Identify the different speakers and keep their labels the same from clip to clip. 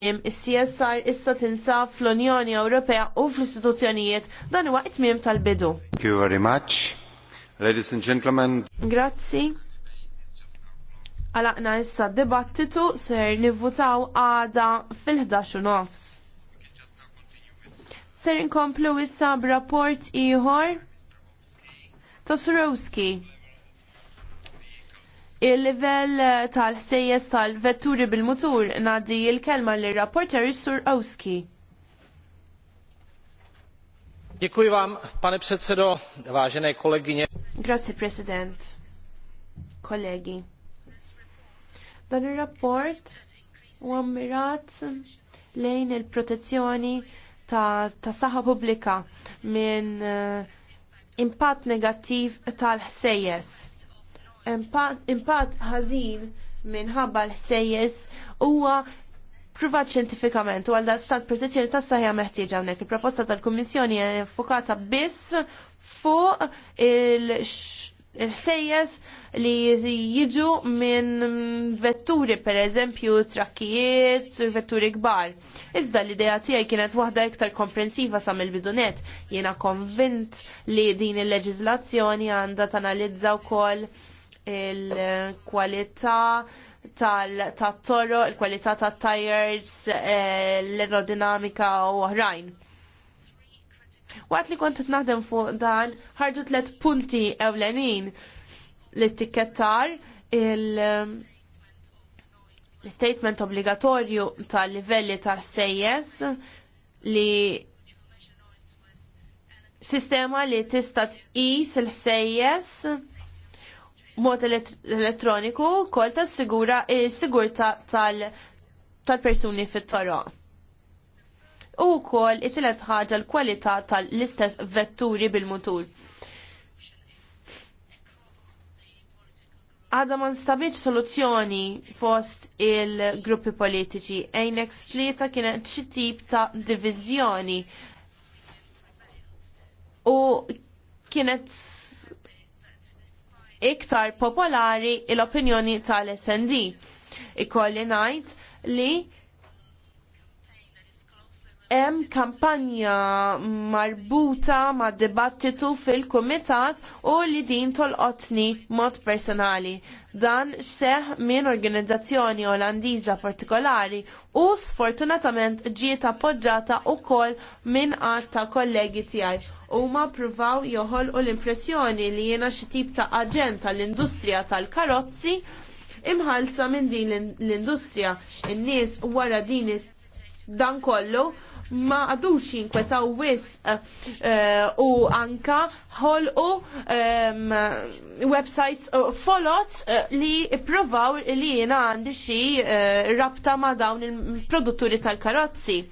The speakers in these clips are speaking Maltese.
Speaker 1: Is-CSR issa tinsab fl-Unjoni Ewropea u fl-istituzzjonijiet dan huwa tmiem tal-bidu.
Speaker 2: Thank you very much. Ladies and gentlemen.
Speaker 1: Grazzi. Għalaqna issa dibattitu ser nivvutaw għada fil-11 nofs. Ser inkomplu issa b'rapport ieħor ta' Surowski il-level eh, tal-ħsejjes tal-vetturi bil-mutur nadi il-kelma l-rapporter Sur Owski.
Speaker 2: Děkuji vám, pane předsedo, vážené kolegyně.
Speaker 1: Grazie, president. Kolegi. Dan il-rapport u ammirat lejn il-protezzjoni ta', ta saħa pubblika minn eh, impatt negattiv tal-ħsejjes impatt ħażin minħabba l-ħsejjes huwa privat ċentifikament u għalda stat protezzjoni tas ħja meħtieġa hawnhekk. Il-proposta tal-Kummissjoni hija fokata biss fuq il-ħsejjes li jiġu minn vetturi per eżempju trakkijiet, vetturi kbar. Iżda l-idea tiegħi kienet waħda iktar komprensiva sa mill-bidunet. Jiena konvint li din il-leġiżlazzjoni għandha tanalizza wkoll il-kwalità tal-toro, il-kwalità tat-tires, eh, l-aerodinamika u oħrajn. Waqt li kont naħdem fuq dan, ħarġu tlet punti ewlenin l-tikettar il- l-statement obbligatorju tal-livelli tal-sejjes li sistema li tista tqis il-sejjes mod elettroniku kol ta' sigura sigurta tal-persuni fit-toroq. U kol it-tielet ħaġa l-kwalità tal-istess vetturi bil-mutur. Għadha ma nstabiċ soluzzjoni fost il-gruppi politiċi. Ejnek slieta kienet xi tip ta' divizjoni. U kienet iktar popolari l-opinjoni tal-SND. Ikolli ngħid li hemm kampanja marbuta ma' dibattitu fil-kumitat u li din tolqotni mod personali. Dan seħ minn organizzazzjoni Olandiża partikolari u sfortunatament ġiet appoġġata wkoll minn għad ta' kollegi tiegħi. Huma ppruvaw joħolqu l-impressjoni li jiena xi tip ta' aġent tal-industrija tal-karozzi imħalsa minn din l-industrija. In-nies wara din dan kollu ma għadux jinkwetaw wis eh, eh, u anka ħolqu ehm, websites eh, folot li provaw li jena għandi xi rabta ma dawn il-produtturi tal-karozzi.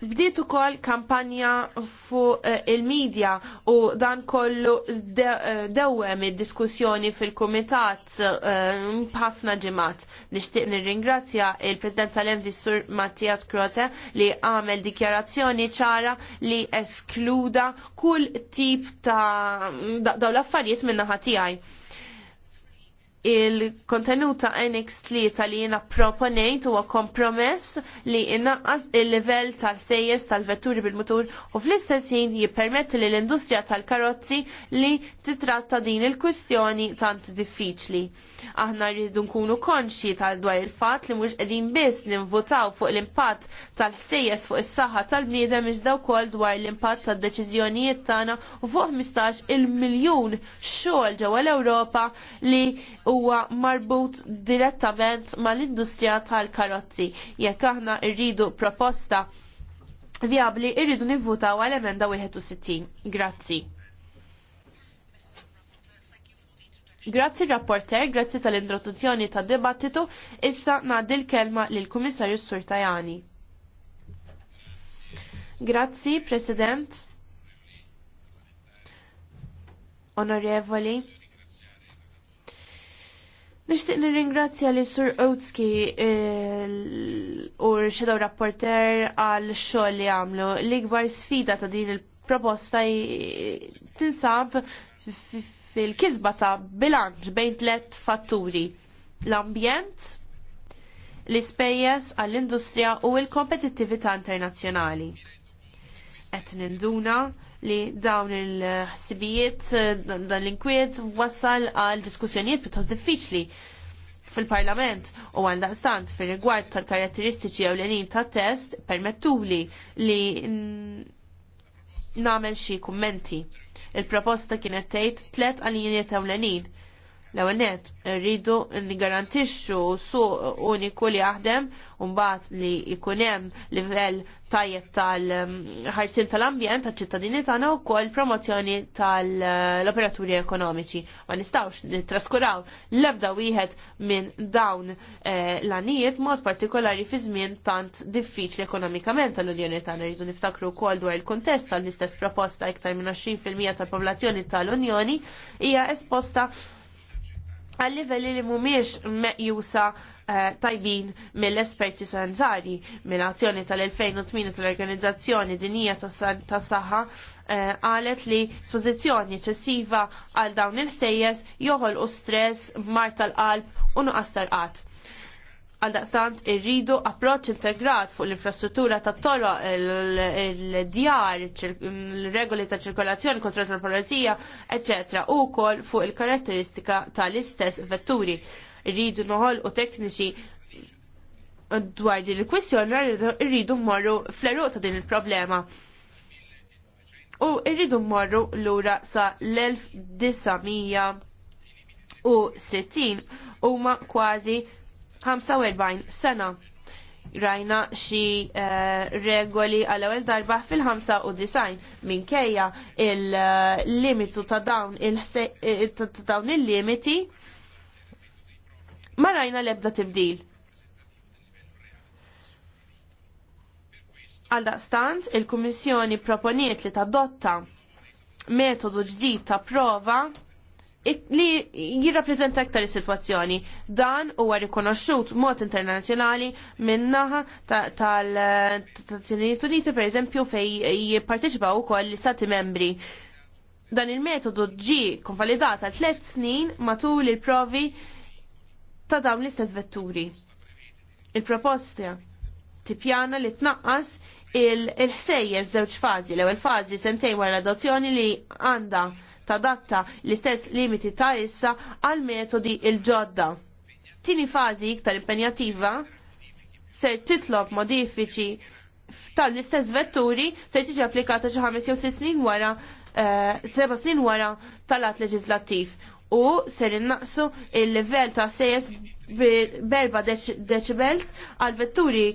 Speaker 1: Bdiet ukoll kampanja fuq eh, il-medja u dan kollu eh, dewwem id-diskussjoni fil-kumitat eh, ħafna ġimgħat. Nixtieq nirringrazzja il-President tal-Envi Sur Mattias Krote li għamel dikjarazzjoni ċara li eskluda kull tip ta' dawn l-affarijiet min-naħa tiegħi il-kontenuta NX3 li jina proponejt huwa kompromess li inaqqas il-livell tal-sejjes tal-vetturi bil-mutur u fl-istess ħin jippermetti li l-industrija tal-karozzi li titratta din il-kwistjoni tant diffiċli. Aħna rridu nkunu konxi tal-dwar il-fatt li mhux qegħdin biss nivvutaw fuq l-impatt tal-ħsejjes fuq is-saħħa tal-bniedem iżda wkoll dwar l-impatt tad-deċiżjonijiet tagħna u fuq 15 il-miljun xogħol ġewwa l-Ewropa li huwa marbut direttament mal-industrija tal-karozzi. Jekk aħna rridu proposta viabli, irridu nivvutaw għal emenda 61. Grazzi. Grazzi rapporter, grazzi tal-introduzzjoni ta' dibattitu, issa nadi l-kelma l-Kummissarju Sur Tajani. Grazzi, President. Onorevoli. Nishtiq nirringrazzja li Sur Otski u Shadow Rapporter għal xogħol li għamlu. L-ikbar sfida ta' din il-proposta tinsab fil kizba ta' bilanċ bejn tlet fatturi. L-ambjent, l-ispejjeż għall-industrija u l-kompetittività internazzjonali. Qed ninduna li dawn il-ħsibijiet, dan l-inkwiet, wassal għal diskussjonijiet pjuttost diffiċli fil-parlament u stant fil rigward tal-karatteristiċi għaw l-enin ta' test permettuli li namel xie kummenti. Il-proposta kienet tgħid tlet għalinijiet ewlenin L-ewwel nett rridu nigarantixxu suq uniku li jaħdem u mbagħad li jkun hemm livell tajjeb tal-ħarsin tal-ambjent tal-ċittadini tagħna wkoll promozzjoni tal-operaturi ekonomiċi. Ma nistgħux nittraskuraw l-ebda wieħed minn dawn eh, l-għanijiet mod partikolari fi żmien tant diffiċli ekonomikament tal-Unjoni tagħna rridu niftakru wkoll dwar il-kuntest tal-istess proposta iktar minn 20% tal-popolazzjoni tal-Unjoni hija esposta għal livelli li mumiex meqjusa eh, tajbin mill-esperti sanitari mill azzjoni tal-2008 tal-Organizzazzjoni Dinija tas saħħa eh, għalet li spożizzjoni eċessiva għal dawn il-sejjes joħol u stress mar tal-qalb u nuqqas tal-qatt. Għaldaqstant irridu approċċ integrat fuq l-infrastruttura ta' toro, l djar l regoli ta' ċirkolazzjoni, kontra tal-polizija, ecc. u kol fuq il-karatteristika tal-istess vetturi. Irridu noħol u tekniċi dwar din il-kwistjoni irridu mmorru fl-eruq ta' din il-problema. U irridu mmorru lura sa' l-1960 u ma' kważi 45 sena. Rajna xi uh, regoli għal ewwel darba fil-95 minkejja il-limitu eh, eh, ta' dawn il-limiti ma rajna l-ebda tibdil. Għal daqstant, il-Kummissjoni proponiet li tadotta metodu ġdid ta' prova li jirrapprezenta iktar is-sitwazzjoni. Dan huwa rikonoxxut mod internazzjonali min-naħa tal-Nazzjonijiet Uniti pereżempju fej jipparteċipaw ukoll l-Istati membri. Dan il-metodu ġi konvalidata tliet snin matul il-provi ta' dawn l-istess vetturi. Il-proposta tipjana li tnaqqas il-ħsejjer żewġ fażi. L-ewwel fażi sentejn wara l-adozzjoni li għandha tadatta l-istess limiti ta' issa għal metodi il-ġodda. Tini fazi iktar impenjattiva ser titlob modifiċi tal-istess vetturi ser tiġi applikata xi ħames jew sitt snin wara eh, seba snin wara tal-att leġislattiv u ser innaqsu il-livell ta' sejes berba decibels għal vetturi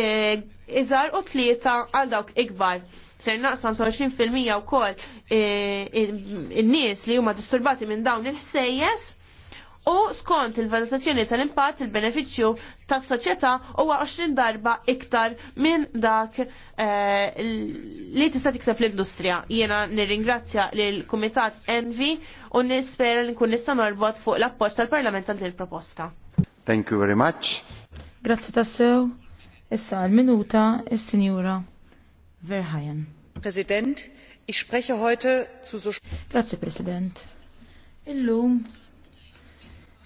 Speaker 1: eh, iżar u tlieta għal dawk ikbar ser naqsam 25% wkoll in-nies eh, eh, li huma disturbati minn dawn il-ħsejjes u skont il-valutazzjoni tal-impatt il-benefiċċju tas-soċjetà huwa 20 darba iktar minn dak eh, li tista' tikseb l-industrija. Jiena nirringrazzja lil kumitat Envi u nispera li nkun nista' norbot fuq l-appoġġ tal-Parlament għal din il-proposta.
Speaker 2: Thank you very much.
Speaker 3: Grazzi tassew. Issa għal-minuta is-Sinjura Verhajen. President, ich spreche heute zu so Grazie President. Illum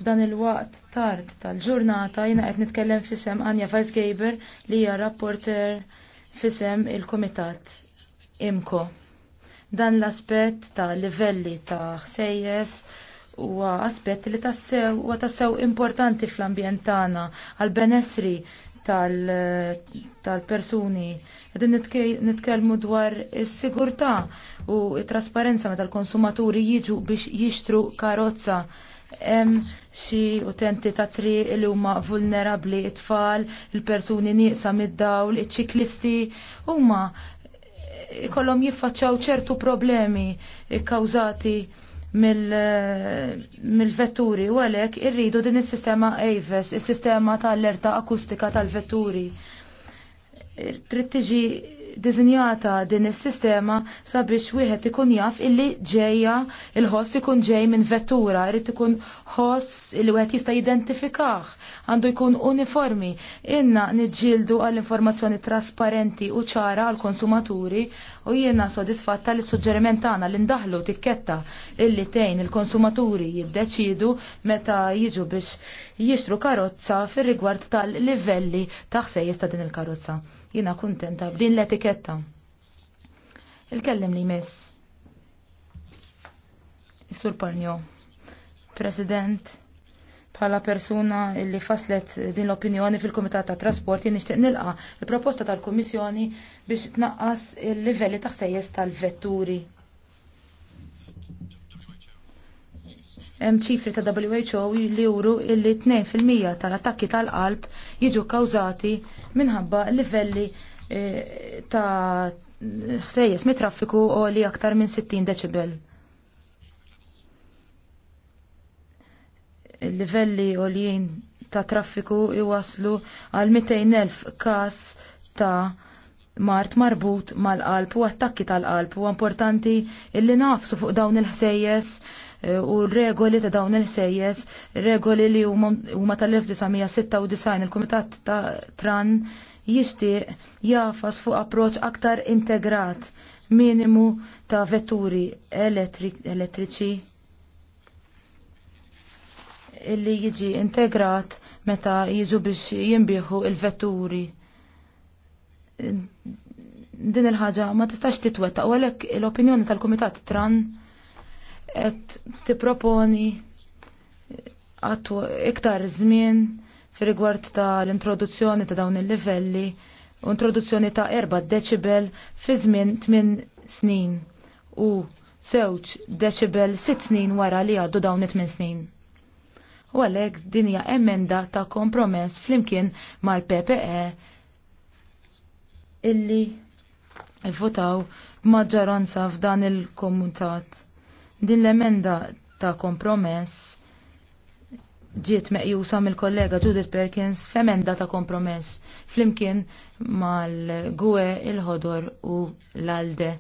Speaker 3: f'dan il-waqt tard tal-ġurnata jiena qed nitkellem fisem Anja Weisgeber li hija rapporter fisem il-Kumitat Imko. Dan l-aspett ta' livelli ta' ħsejjes huwa aspett li tassew huwa tassew importanti fl-ambjent tagħna għall benessri tal-persuni. Għedin nitkelmu dwar is-sigurtà u trasparenza meta l-konsumaturi jiġu biex jixtru karozza. Hemm xi utenti ta' triq li huma vulnerabbli it-tfal, il-persuni nieqsa mid-dawl, iċ-ċiklisti huma ikollhom jiffaċċjaw ċertu problemi kkawżati mill-vetturi u għalhekk irridu din is-sistema AVES, is-sistema tal-allerta akustika tal-vetturi. Trid tiġi dizinjata din is-sistema sabiex wieħed ikun jaf illi ġejja il-ħoss ikun ġej minn vettura, jrid ikun ħoss li wieħed jista' jidentifikah, għandu jkun uniformi. Inna niġġieldu għall informazzjoni trasparenti u ċara għall konsumaturi u jiena sodisfatta li suġġeriment tagħna li ndaħlu tikketta illi tgħin il-konsumaturi jiddeċidu meta jiġu biex jixtru karozza fir-rigward tal-livelli ta' ħsejjes ta' din il-karozza. Jina kontenta b'din l-etiketta. Il-kellim li mis, Sur Parnio, President, bħala persuna illi faslet din l-opinjoni fil-Komitat ta' Trasporti nixtieq nilqa' l proposta tal-Kummissjoni biex tnaqqas il-livelli ta' sejjes tal-vetturi Hemm ċifri ta' WHO li juru illi 2% tal-attakki tal-qalb jiġu kawżati minħabba livelli eh, ta' ħsejjes mit traffiku u li aktar minn 60 decibel. livelli għoljien ta' traffiku iwaslu għal 200.000 kas ta' mart marbut mal-qalb u attakki tal-qalb u importanti illi nafsu fuq dawn il-ħsejjes eh, u regoli ta' dawn il-ħsejjes, regoli li huma tal-1996 il-Kumitat ta' Tran jixtieq jafas fuq approċ aktar integrat minimu ta' vetturi elettriċi illi jiġi integrat meta jiġu biex jinbieħu il-vetturi din il-ħaġa ma tistax titwetta u għalhekk l-opinjoni tal-Kumitat Tran qed tipproponi iktar żmien fi rigward tal-introduzzjoni ta' dawn il-livelli u introduzzjoni ta' 4 deċibel fi żmien 8 snin u sewċ deċibel 6 snin wara li għaddu dawn it 8 snin. U għalhekk din hija emenda ta' kompromess flimkien mal-PPE illi votaw maġġoranza f'dan il-komutat. Din l-emenda ta' kompromess ġiet meqjusa mill-kollega Judith Perkins f'emenda ta' kompromess flimkien mal-gwe il-ħodor u l-alde.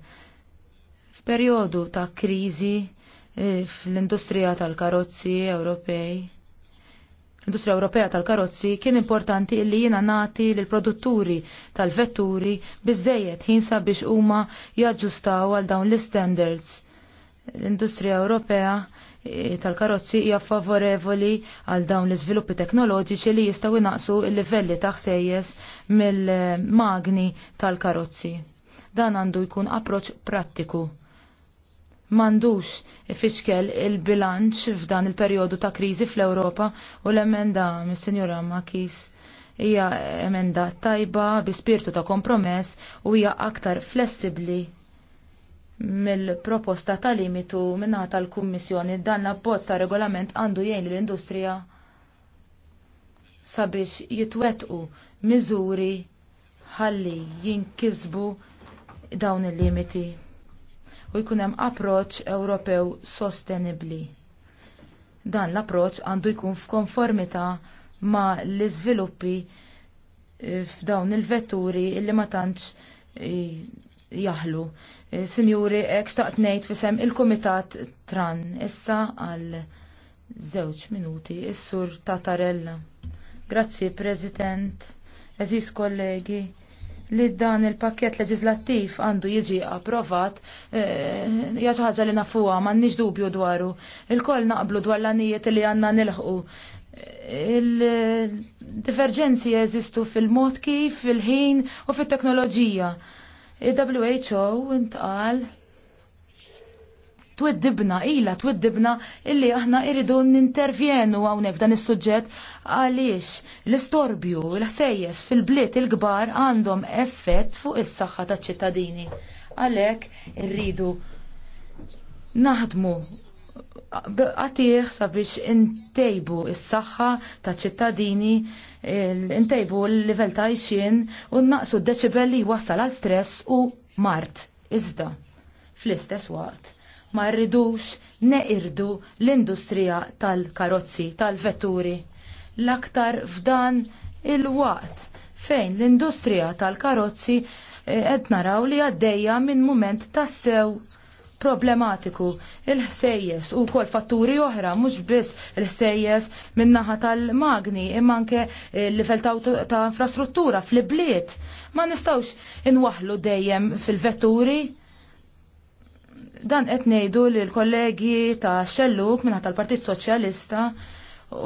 Speaker 3: F'perjodu ta' kriżi eh, fl-industrija tal-karozzi Ewropej l industrija Ewropea tal-karozzi kien importanti illi jiena nagħti l produtturi tal-vetturi biżejjed ħin biex huma jaġġustaw għal dawn l-standards. L-industrija Ewropea eh, tal-karozzi hija favorevoli għal dawn l-iżviluppi teknoloġiċi li jistgħu jnaqsu l-livelli ta' ħsejjes mill-magni tal-karozzi. Dan għandu jkun approċ prattiku mandux ifixkel il-bilanċ f'dan il-perjodu ta' kriżi fl-Ewropa u l-emenda mis sinjora Makis hija emenda tajba bi spirtu ta' kompromess u hija aktar flessibbli mill-proposta ta' limitu minna tal-Kummissjoni dan l-abbozz ta' regolament għandu jgħin l-industrija sabiex jitwetqu miżuri ħalli jinkisbu dawn il-limiti u jkun hemm approċċ Ewropew sostenibbli. Dan l-approċċ għandu jkun f'konformità ma' l-iżviluppi eh, f'dawn il-vetturi illi ma tantx eh, jaħlu. Eh, Sinjuri, ek xtaqt ngħid fisem il-Kumitat Tran issa għal żewġ minuti is-sur Tatarella. Grazzi, President, eżis kollegi li dan il-pakket leġislattiv għandu jiġi approvat, eh, hija xi ħaġa li nafuha m'għandniex dubju dwaru. Il-koll naqblu dwar l-anijiet li għandna nilħqu. Il-diverġenzi jeżistu fil-mod kif, fil-ħin u fit-teknoloġija. Il-WHO intqal tweddibna, ila tweddibna illi aħna irridu nintervjenu hawnhekk f'dan is-suġġett għaliex l-istorbju, l-ħsejjes fil-bliet il-kbar għandhom effett fuq is-saħħa taċ-ċittadini. Għalhekk irridu naħdmu għatiħ sabiex intejbu s-saxħa ta' ċittadini, intejbu l-level ta' jxin u naqsu d deċibelli li wassal għal stress u mart. Iżda, fl-istess waqt, ma rridux neqirdu l-industrija tal-karozzi, tal-vetturi. L-aktar f'dan il-waqt fejn l-industrija tal-karozzi eh, qed naraw li għaddejja minn mument tassew problematiku. Il-ħsejjes u kol fatturi oħra, mhux biss il-ħsejjes min-naħa tal-magni, imma anke eh, l-level ta' infrastruttura fl-bliet. Ma nistawx inwaħlu dejjem fil-vetturi Dan qed ngħidu li l-kollegi ta' Xelluk minn tal-Partit Soċjalista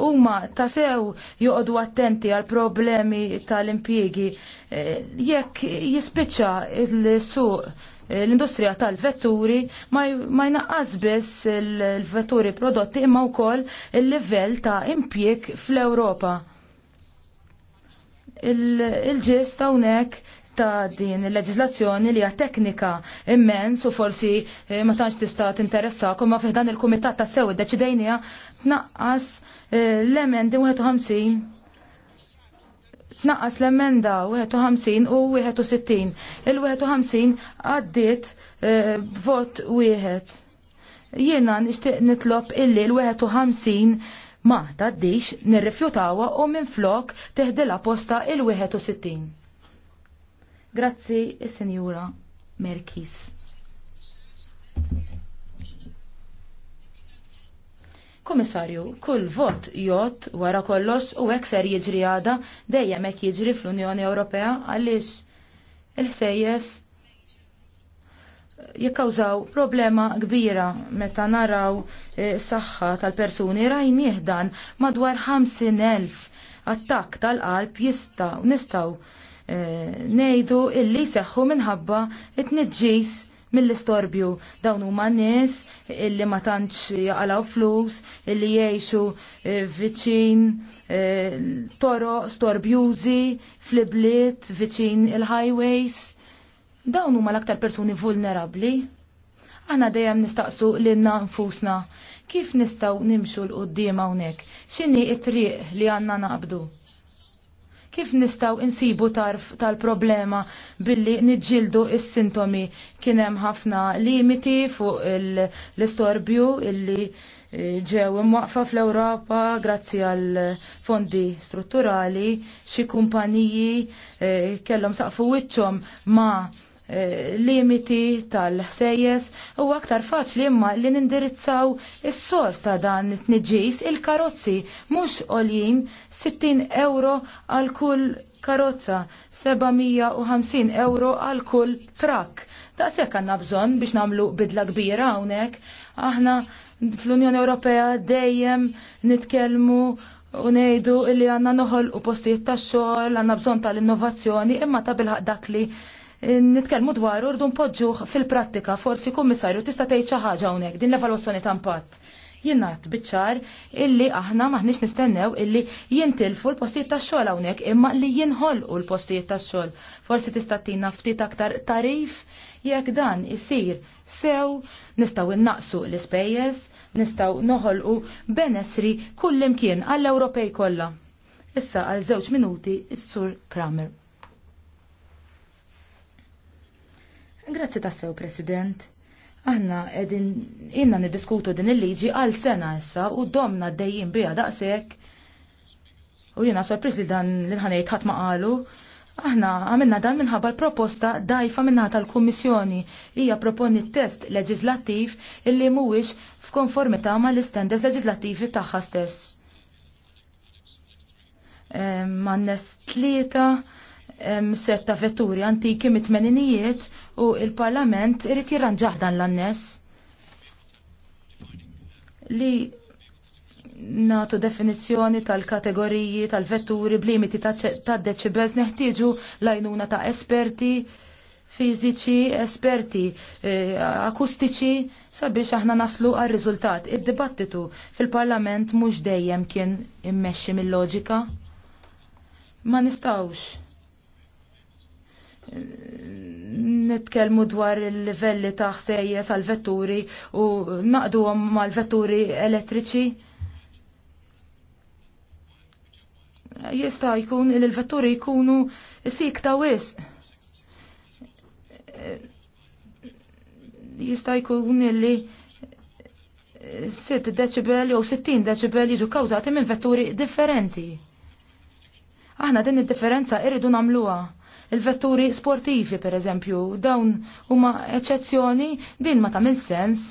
Speaker 3: huma ta' sew joqogħdu attenti għal problemi tal-impjiegi eh, jekk jispiċċa l-suq eh, l-industrija tal-vetturi ma jnaqqas biss il-vetturi prodotti imma wkoll il-livell ta' impjieg fl-Ewropa. il ġest ta' hawnhekk ta' din il-leġislazzjoni li hija teknika immens u forsi eh, ma tantx tista' tinteressakom ma fiħdan il-kumitat ta' sew iddeċidejnija tnaqqas eh, l-emendi 51 tnaqqas l-emenda 51 u 61. Il-51 għaddiet eh, vot wieħed. Jiena nixtieq nitlob illi l-51 ma taddix nirrifjutawa u minflok teħdila posta il-61. Grazzi is-Sinjura Merkis. Komissarju, kull vot jot wara kollox u hekk ser jiġri għada dejjem jekk jiġri fl-Unjoni Ewropea għaliex il-ħsejjes jikkawżaw problema kbira meta naraw eh, saħħa tal-persuni rajn dan madwar 50,000 attakk tal-qalb jista' nistgħu Eh, ngħidu illi seħħu minħabba it-tniġġis mill-istorbju dawn huma nies illi ma tantx jaqalaw flus, illi jgħixu eh, viċin eh, toroq, storbjużi fl-ibliet, viċin il-highways. Dawn huma l-aktar persuni vulnerabbli. Aħna dejjem nistaqsu lilna nfusna kif nistgħu nimxu l-qudiem hawnhekk, x'inhi t triq li għandna naqbdu. Kif nistaw insibu tarf tal-problema billi nġildu is-sintomi? Kien hemm ħafna limiti fuq l-istorbju illi eh, ġew imwaqfa fl-Ewropa grazzi għal fondi strutturali, xi kumpaniji eh, kellhom saqfu wiċċhom ma' Eh, limiti tal-ħsejjes u aktar faċli imma li nindirizzaw is-sors ta' dan it-tniġis il-karozzi mhux għoljin 60 euro għal kull karozza 750 euro għal kull trakk. Daqshekk għandna bżonn biex nagħmlu bidla kbira hawnhekk. Aħna fl-Unjoni Ewropea dejjem nitkellmu u ngħidu li għandna noħolqu postijiet tax-xogħol, għandna bżonn tal-innovazzjoni imma ta' bilħaq dak li nitkellmu dwar urdu npoġġuh fil-prattika forsi kummissarju tista' tgħid xi ħaġa hawnhekk din l-evalwazzjoni ta' impatt. Jinnat biċċar illi aħna maħniex nistennew illi jintilfu l-postijiet tax-xogħol hawnhekk imma li jinħolqu l-postijiet tax-xogħol. Forsi tista' tina ftit aktar tarif jekk dan isir sew nistgħu innaqsu l-ispejjeż, nistgħu noħolqu benessri kull imkien għall-Ewropej kollha. Issa għal żewġ minuti is-Sur Kramer. Grazzi tassew, President. Aħna edin inna niddiskutu din il-liġi għal sena issa u domna d-dejjin bija daqsek. U jina sorpriż li dan l-inħanajt ħat maqalu. Aħna għamilna dan minħabba l-proposta dajfa minna tal-Kummissjoni hija proponi test leġislattiv illi mhuwiex f'konformità ma l-istenders leġislattivi tagħha stess. Ehm, Man-nes tlieta setta vetturi antiki mit-tmeninijiet u il-Parlament irrit jirranġaħ dan l-annes li natu definizjoni tal-kategoriji tal-vetturi b'limiti ta' decibels neħtieġu lajnuna ta' esperti fiżiċi, esperti eh, akustiċi sabiex aħna naslu għal riżultat Id-dibattitu fil-Parlament mhux dejjem kien immexxi mill-loġika. Ma nistawx nitkelmu dwar il-livelli ta' ħsejjes għal vetturi u naqduhom mal-vetturi elettriċi. Jista' jkun li l-vetturi jkunu sik ta' wisq. Jista' jkun li 6 decibel jew 60 decibel jiġu kawżati minn vetturi differenti. Aħna din id-differenza irridu nagħmluha Il-vetturi sportivi, per eżempju, dawn huma eċezzjoni din ma tagħmel sens.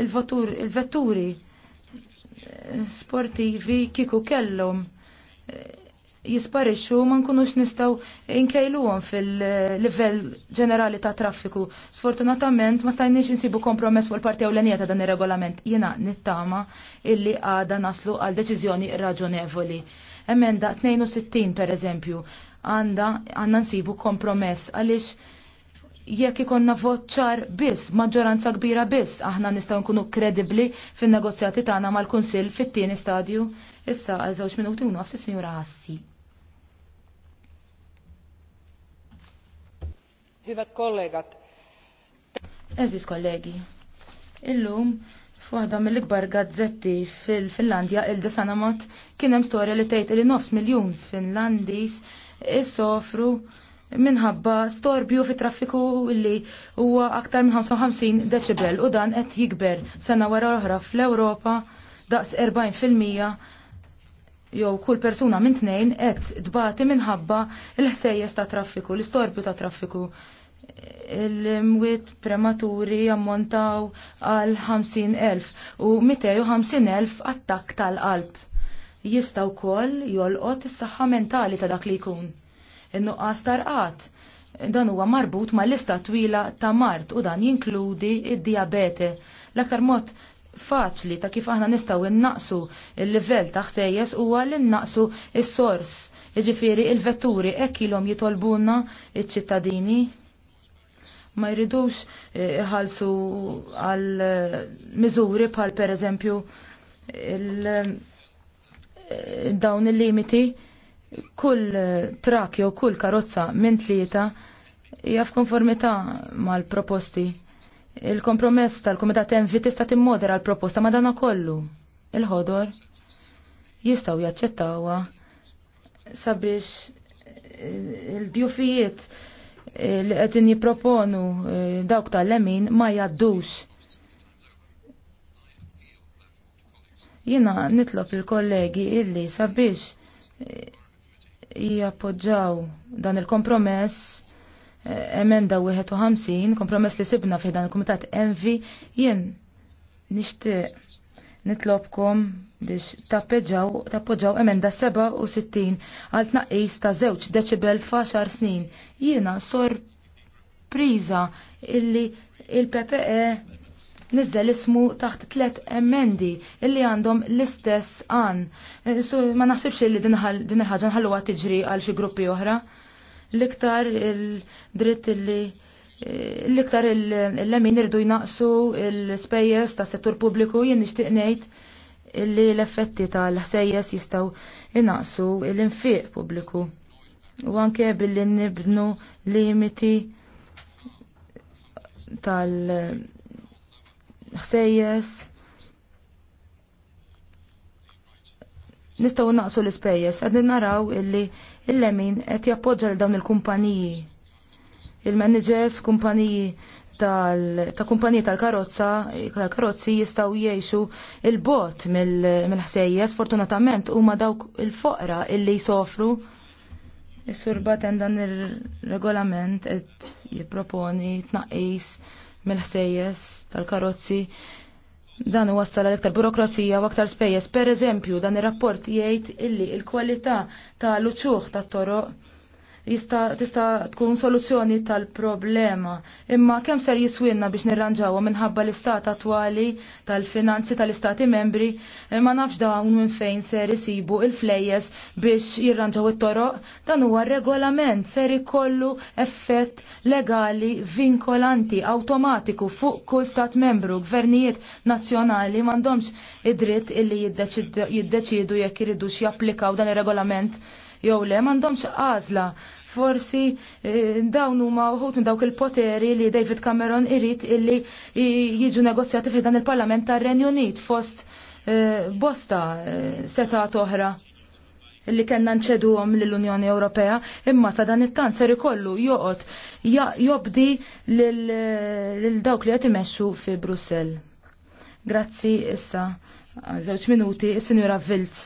Speaker 3: Il-vetturi il sportivi kiku kellhom eh, jisparixxu ma nkunux nistgħu inkejluhom fil-livell ġenerali ta' traffiku. Sfortunatament ma stajniex insibu kompromess fuq il-parti ewlenija ta' dan ir-regolament. Jiena nittama illi għada naslu għal deċiżjoni raġonevoli. Emenda 62 per eżempju għanda għanna nsibu kompromess għaliex jekk ikonna voċċar biss, maġġoranza kbira biss, aħna nistgħu nkunu kredibli fin-negozjati tagħna mal-Kunsill fit-tieni stadju. Issa għal żewġ minuti u nofs is-Sinjura Assi.
Speaker 2: Hivet kollegat.
Speaker 3: Eżis kollegi. Illum F'waħda mill-ikbar gazzetti fil-Finlandja il desanamot kien hemm storja li tgħid li nofs miljun Finlandiż issofru minħabba storbju fi traffiku li huwa aktar minn 55 decibel u dan qed jikber sena wara oħra fl-Ewropa daqs 40% jew kull persuna minn tnejn qed tbati minħabba l-ħsejjes ta' traffiku, l-istorbju ta' traffiku il-mwiet prematuri jammontaw għal 50.000 u 250.000 attak tal-qalb jista' wkoll jolqot is-saħħa mentali ta' dak li jkun. In-nuqqas tarqat dan huwa marbut ma' lista twila ta' mart u dan jinkludi id-diabete. L-aktar mod faċli ta' kif aħna nistgħu innaqsu il-livell ta' ħsejjes huwa li nnaqsu is-sors. Iġifiri il-vetturi hekk ilhom jitolbuna il ċittadini ma jridux eh, ħalsu għal eh, miżuri bħal pereżempju il- dawn il-limiti kull trak jew kull karozza minn tlieta hija f'konformità mal-proposti. Il-kompromess tal-Kumitat Envi tista' timmodera l-proposta ma dan kollu. Il-ħodor jistgħu jaċċettawha sabiex il-djufijiet li qegħdin jipproponu eh, dawk tal-lemin ma jgħaddux. Jiena nitlob il-kollegi illi sabiex eh, jappoġġaw dan il-kompromess eh, emenda 51, kompromess li sibna fi dan il-Kumitat Envi, jien nixtieq nitlobkom biex tappoġġaw tappoġġaw emenda 67 għal tnaqqis ta' żewġ deċibel xar snin. Jiena sorpriża illi il-PPE nizzel ismu taħt tlet emendi illi għandhom l-istess għan. Eh, ma naħsibx li din ħaġa għat tiġri għal xi gruppi oħra. L-iktar il-dritt illi eh, l-iktar l-lemin irdu jnaqsu l spejjes tas settur pubbliku jien nixtieq ngħid illi l-effetti tal-ħsejjes jistgħu jnaqsu l-infiq pubbliku. U anke billi nibnu limiti tal- ħsejjes. Nistgħu naqsu l-ispejjeż, qegħdin naraw illi il-lemin qed jappoġġa l dawn il-kumpaniji. Il-managers kumpaniji ta' kumpaniji tal-karozza, tal-karozzi jistgħu jgħixu il-bot mill-ħsejjes, fortunatament fortunatament huma dawk il-foqra illi jsofru. is surbat dan ir-regolament qed jipproponi tnaqqis mill-ħsejjes tal-karozzi dan wassal għal iktar burokrazija u aktar spejjeż. Per eżempju, dan ir-rapport jgħid illi l-kwalità tal-uċuħ tat-toroq Jista' tista' tkun soluzzjoni tal-problema. Imma kemm ser jiswinna biex nirranġawha minħabba l-istat attwali tal-finanzi tal-istati membri imma eh, nafx dawn minn fejn ser jisibu il-flejjes biex jirranġaw it-toroq dan huwa regolament ser ikollu effett legali vinkolanti awtomatiku fuq kull stat membru gvernijiet nazzjonali m'għandhomx id-dritt illi jiddeċidu jekk iridux japplikaw dan ir-regolament jew le m'għandhomx għażla. Forsi eh, dawn huma wħud minn dawk il-poteri li David Cameron irid illi jiġu negozjati fi dan il-Parlament tar-Renju Unit fost eh, bosta eh, seta toħra li kena nċeduhom lill-Unjoni Ewropea, imma sa dan it-tan ser ikollu joqgħod jobdi lil dawk li qed imexxu fi Brussell. Grazzi issa żewġ minuti s sinjura Vilz.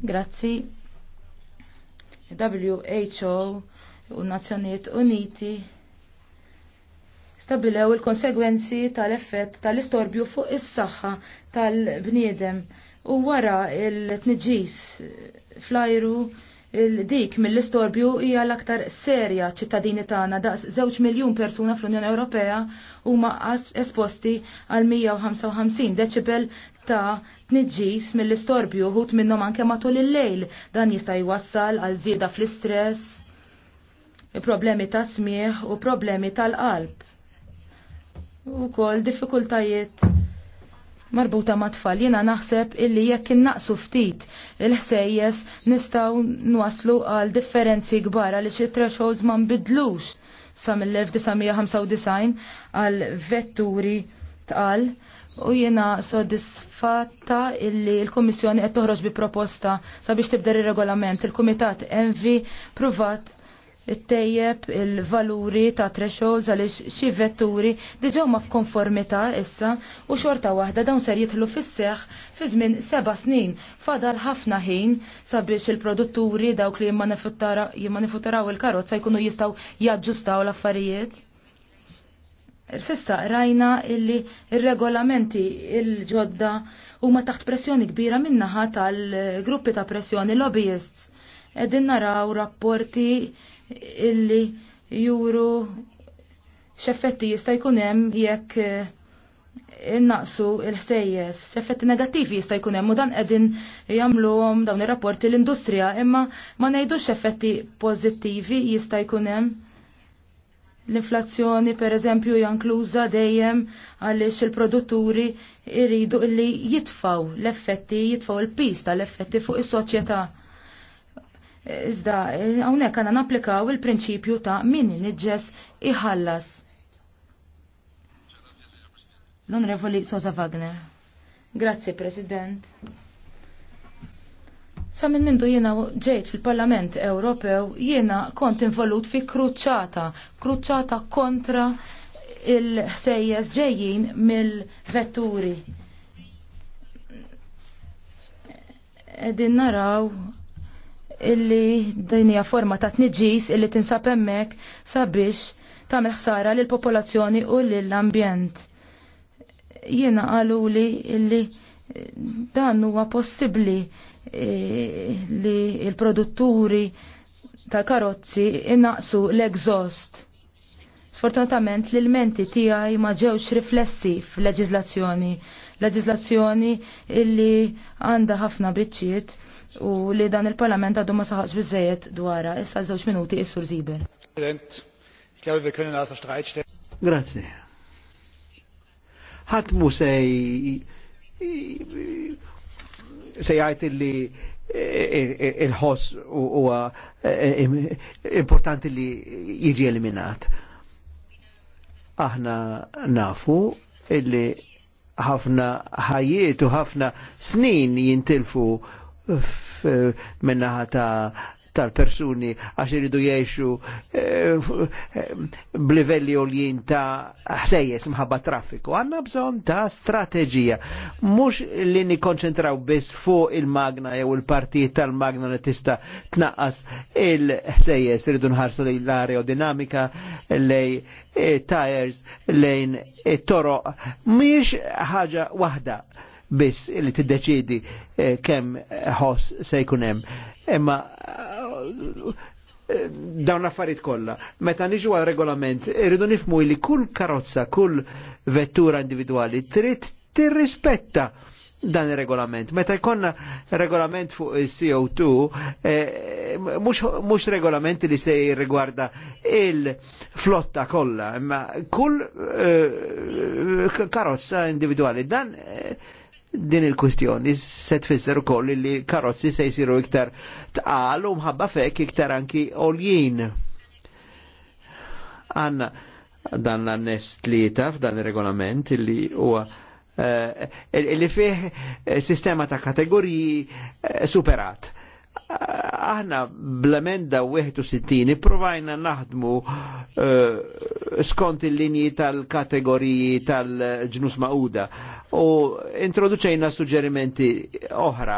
Speaker 3: Grazzi. WHO u Nazzjonijiet Uniti stabilew il-konsegwenzi tal-effett tal-istorbju fuq is-saħħa tal-bniedem u wara il-tniġis flajru il-dik mill-istorbju hija l-aktar serja ċittadini tagħna daqs żewġ miljun persuna fl-Unjoni Ewropea huma esposti għal 155 deċibel ta' tniġġis mill-istorbju uħut minnhom anke matul il-lejl dan jista' jwassal għal żieda fl-istress, problemi ta' smieħ u problemi tal-qalb. Ukoll diffikultajiet marbuta ma' tfal. Jiena naħseb illi jekk innaqsu ftit il-ħsejjes nistgħu nwaslu għal differenzi kbar għal xi thresholds ma nbidlux sa mill-1995 għal vetturi tqal u jiena soddisfatta illi l-Kummissjoni qed toħroġ bi proposta sabiex tibdel ir-regolament. Il-Kumitat Envi pruvat -tejjeb il-valuri ta' thresholds għaliex xi vetturi diġà ma f'konformità issa u xorta waħda dawn ser jidħlu fis-seħħ fi żmien seba' snin fadal ħafna ħin sabiex il-produtturi dawk li jimmanifuttaraw il-karozza jkunu jistgħu jaġġustaw l-affarijiet. Sissa rajna illi il regolamenti il-ġodda huma taħt pressjoni kbira min-naħa tal-gruppi ta' pressjoni lobbyists. Edin naraw rapporti illi juru x'effetti jista' jkun hemm jekk eh, innaqsu il-ħsejjes, x'effetti negattivi jista' jkun hemm u dan qegħdin jagħmluhom dawn ir-rapporti l-industrija, imma ma ngħidux effetti pożittivi jista' jkun hemm. L-inflazzjoni pereżempju hija jankluża dejjem għaliex il-produtturi jridu illi jitfaw l-effetti, jitfaw il pista tal-effetti fuq is-soċjetà. Iżda hawnhekk għana napplikaw il-prinċipju ta' min niġġes iħallas. L-Onorevoli Sosa Wagner. Grazzi, President. Sa minn mindu jiena ġejt fil-Parlament Ewropew jiena kont involut fi kruċċata, kruċċata kontra il-ħsejjes ġejjin mill-vetturi. Edin naraw illi din hija forma ta' tniġis illi tinsab hemmhekk sabiex tagħmel ħsara lil popolazzjoni u lill ambjent Jiena qaluli illi eh, dan huwa possibbli eh, li l produtturi tal-karozzi innaqsu l-egżost. Sfortunatament l-ilmenti tiegħi ma ġewx riflessi f'leġiżlazzjoni, leġiżlazzjoni illi għandha ħafna biċċiet u li dan il-parlament għadu ma saħax bizzejet dwara. Issa żewġ minuti is-sur Zibel.
Speaker 2: Grazie. Ħadd mu sej se jgħid li e, e, e, il-ħoss u importanti li jiġi eliminat. Aħna nafu illi ħafna ħajiet u ħafna snin jintilfu minnaħa ta' tal-persuni għax iridu jiexu eh, eh, b'livelli oljin ta' ħsejjes mħabba traffiku. Għanna bżon ta' strateġija. Mux li nikonċentraw biss fuq il-magna jew il-partijiet tal-magna li tista' tnaqqas il-ħsejjes iridu nħarsu lejn l-aerodinamika lej eh, tires lejn it-toroq. Mhix ħaġa waħda biss li tiddeċidi eh, kemm ħoss se jkun hemm. Imma eh, dawn l-affarijiet kollha. Meta niġu għal regolament, irridu nifmu li kull karozza, kull vettura individwali trid tirrispetta dan il-regolament. Meta jkonna regolament fuq il-CO2, eh, mhux mux regolament li se jirrigwarda il-flotta kollha. imma kull karozza individuali. Dan din il-kwistjoni se tfisser ukoll li karozzi se jsiru iktar tqal u mħabba fek iktar anki oljin. Anna dan l-annes tlieta f'dan il-regolament li huwa eh, eh, li fih eh, sistema ta' kategoriji superat. Aħna bl-emenda 61 provajna naħdmu skont il-linji tal-kategoriji tal-ġnus ma'uda u introduċejna suġġerimenti oħra.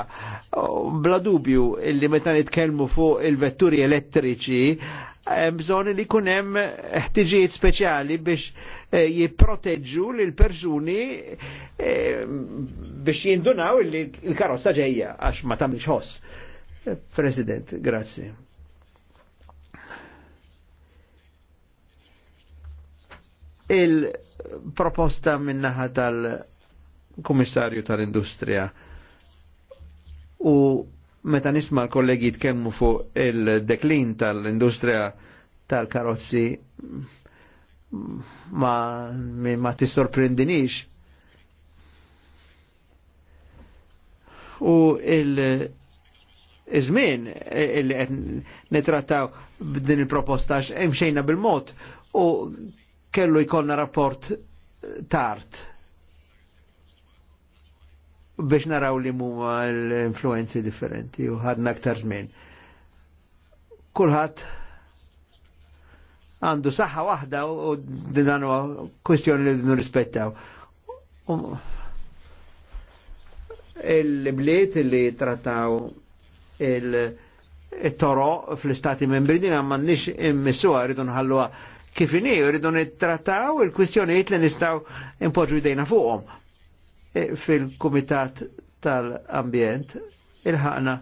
Speaker 2: Bla dubju li meta nitkellmu fuq il-vetturi elettriċi eh, bżon li kunem ħtiġijiet speċjali biex eh, jiproteġġu lil persuni eh, biex jindunaw li l-karozza ġejja għax ma tamilx ħoss. President, grazzi. Il-proposta minnaħa tal- kummissarju tal-Industrija. U meta nisma l-kollegi jitkellmu fuq il-deklin tal-industrija tal-karozzi ma, ma tissorprendinix. U il- Iżmin li qed nitrattaw b'din il-proposta hemm xejna bil-mod u kellu jkollna rapport tard biex naraw li mumma l-influenzi differenti u ħadna aktar żmien. Kulħadd għandu saħħa waħda u din huwa kwestjoni li din rispettaw. Um, il-bliet li trattaw il-toro fl-istati membri din għamman nix immissuha rridu nħalluha kif inhi, rridu nittrattaw il-kwistjonijiet li nistgħu impoġġu jdejna fuqom. E, fil-Kumitat tal-Ambjent il-ħana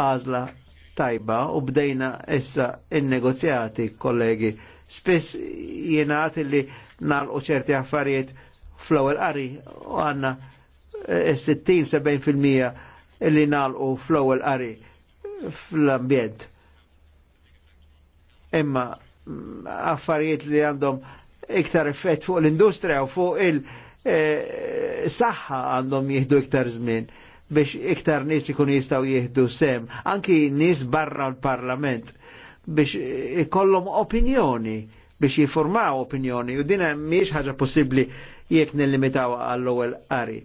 Speaker 2: għazla tajba u bdejna issa il-negozjati, kollegi. Spiss jenat li nalqu ċerti affarijiet fl-ewwel qari u għandna 60-70% e, li nalqu fl-ewwel qari fl-ambjent. Imma mm, affarijiet li għandhom iktar effett fuq l-industrija u fuq il- Eh, saħħa għandhom jihdu iktar żmien biex iktar nis ikun jistaw jihdu sem, anki nis barra l-parlament biex ikollhom opinjoni, biex jiformaw opinjoni, u dina miex ħaġa possibli jek nillimitaw għall-ewwel qari.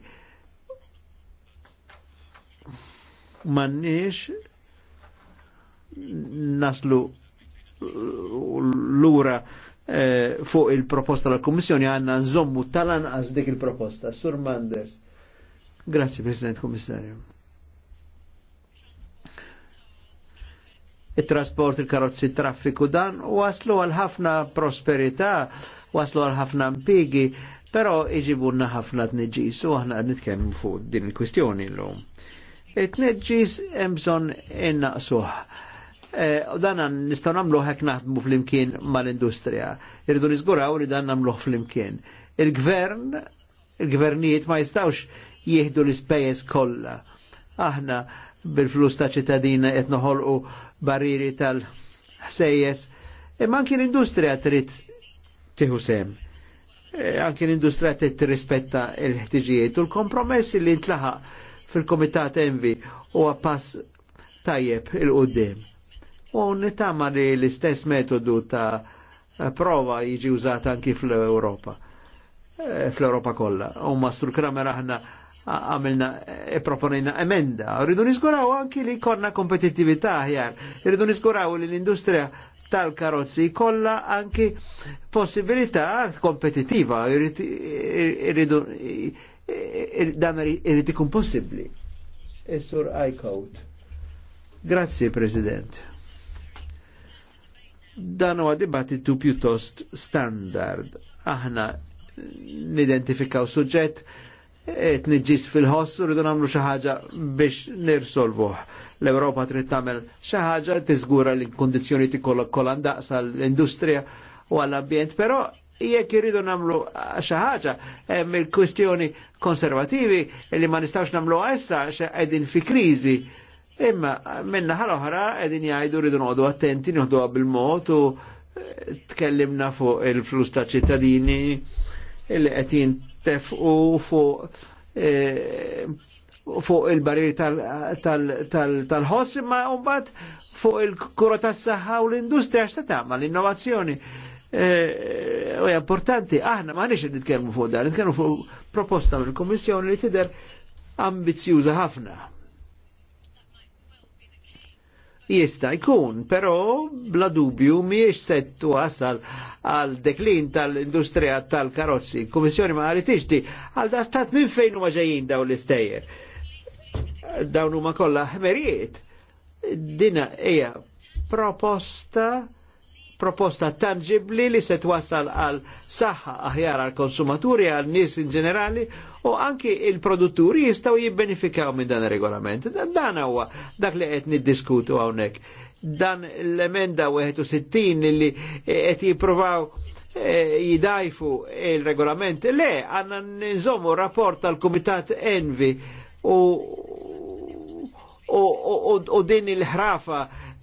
Speaker 2: Mannix naslu l-ura Eh, fuq il-proposta tal kommissjoni għanna nżommu talan għaz dik il-proposta. Sur Manders. Grazie, President Kommissarju. Il-trasport, il-karozzi, traffiku dan waslu għal ħafna prosperità, waslu għal ħafna impigi, però iġibunna ħafna t-nġis u għahna nitkellmu fuq din il-kwistjoni l-lum. It-nġis emżon innaqsuħ Eh, u dan nistgħu nagħmlu hekk naħdmu flimkien mal-industrija. Irridu nizguraw li dan nagħmluh flimkien. Il-gvern, il-gvernijiet ma jistawx jieħdu l-ispejjeż kollha. Aħna bil-flus ta' ċittadina qed noħolqu barriri tal-ħsejjes. Imma anki l-industrija trid tieħu sem e, anki l-industrija trid tirrispetta l-ħtiġijiet u l-kompromessi li ntlaħaq fil-Komitat Envi huwa pass tajjeb il-qudiem u nitama li l-istess metodu ta' prova jiġi użata anki fl-Europa, eh, fl-Europa kollha. U Mastru Kramer aħna għamilna e proponina emenda. Rridu nisguraw anki li konna kompetitività ħjar. Rridu nisguraw li l industria tal-karozzi kolla anki possibilità kompetitiva. Rridu dan rridu ikun possibbli. Is-sur e Grazie Presidente. Dan huwa dibattitu pjuttost standard. Aħna nidentifikaw suġġett niġġis fil-ħoss u rridu nagħmlu xi ħaġa biex nirsolvuh. L-Ewropa trid tagħmel xi ħaġa tiżgura li l-kundizzjoni tikollok kollha ndaqsa l-industrija u għall-ambjent, però jekk irridu nagħmlu xi ħaġa hemm il-kwistjoni konservativi li ma nistgħux nagħmlu issa qegħdin fi kriżi Imma minna ħal oħra qegħdin jgħidu rridu noqogħdu attenti noħdu bil-mod u eh, tkellimna fuq il-flus ta' ċittadini illi qed jintefqu fuq eh, fuq il-barir tal-ħoss imma umbat fuq il-kura tas-saħħa u l-industrija x'ta tagħmel l-innovazzjoni. Eh, u importanti, aħna ma nix nitkellmu fuq dan, nitkellmu fuq proposta mill-Kummissjoni li tidher ambizzjuża ħafna jista jkun, però bla dubju miex settu wasal għal deklin tal-industrija tal-karozzi. Kommissjoni ma għaritixti għal da stat minn fejn huma ġejjin daw l-istejjer. Dawn huma kollha ħmerijiet. Dina hija proposta proposta tangibli li se twasal għal saħħa aħjar għal konsumaturi għal nies in ġenerali u anki il-produtturi jistaw jibbenifikaw minn dan il-regolament. Dan huwa dak li qed niddiskutu hawnhekk. Dan l-emenda 61 li qed jippruvaw eh, jidajfu il-regolament. Le, għanna nżommu rapport tal-Kumitat Envi u u din il-ħrafa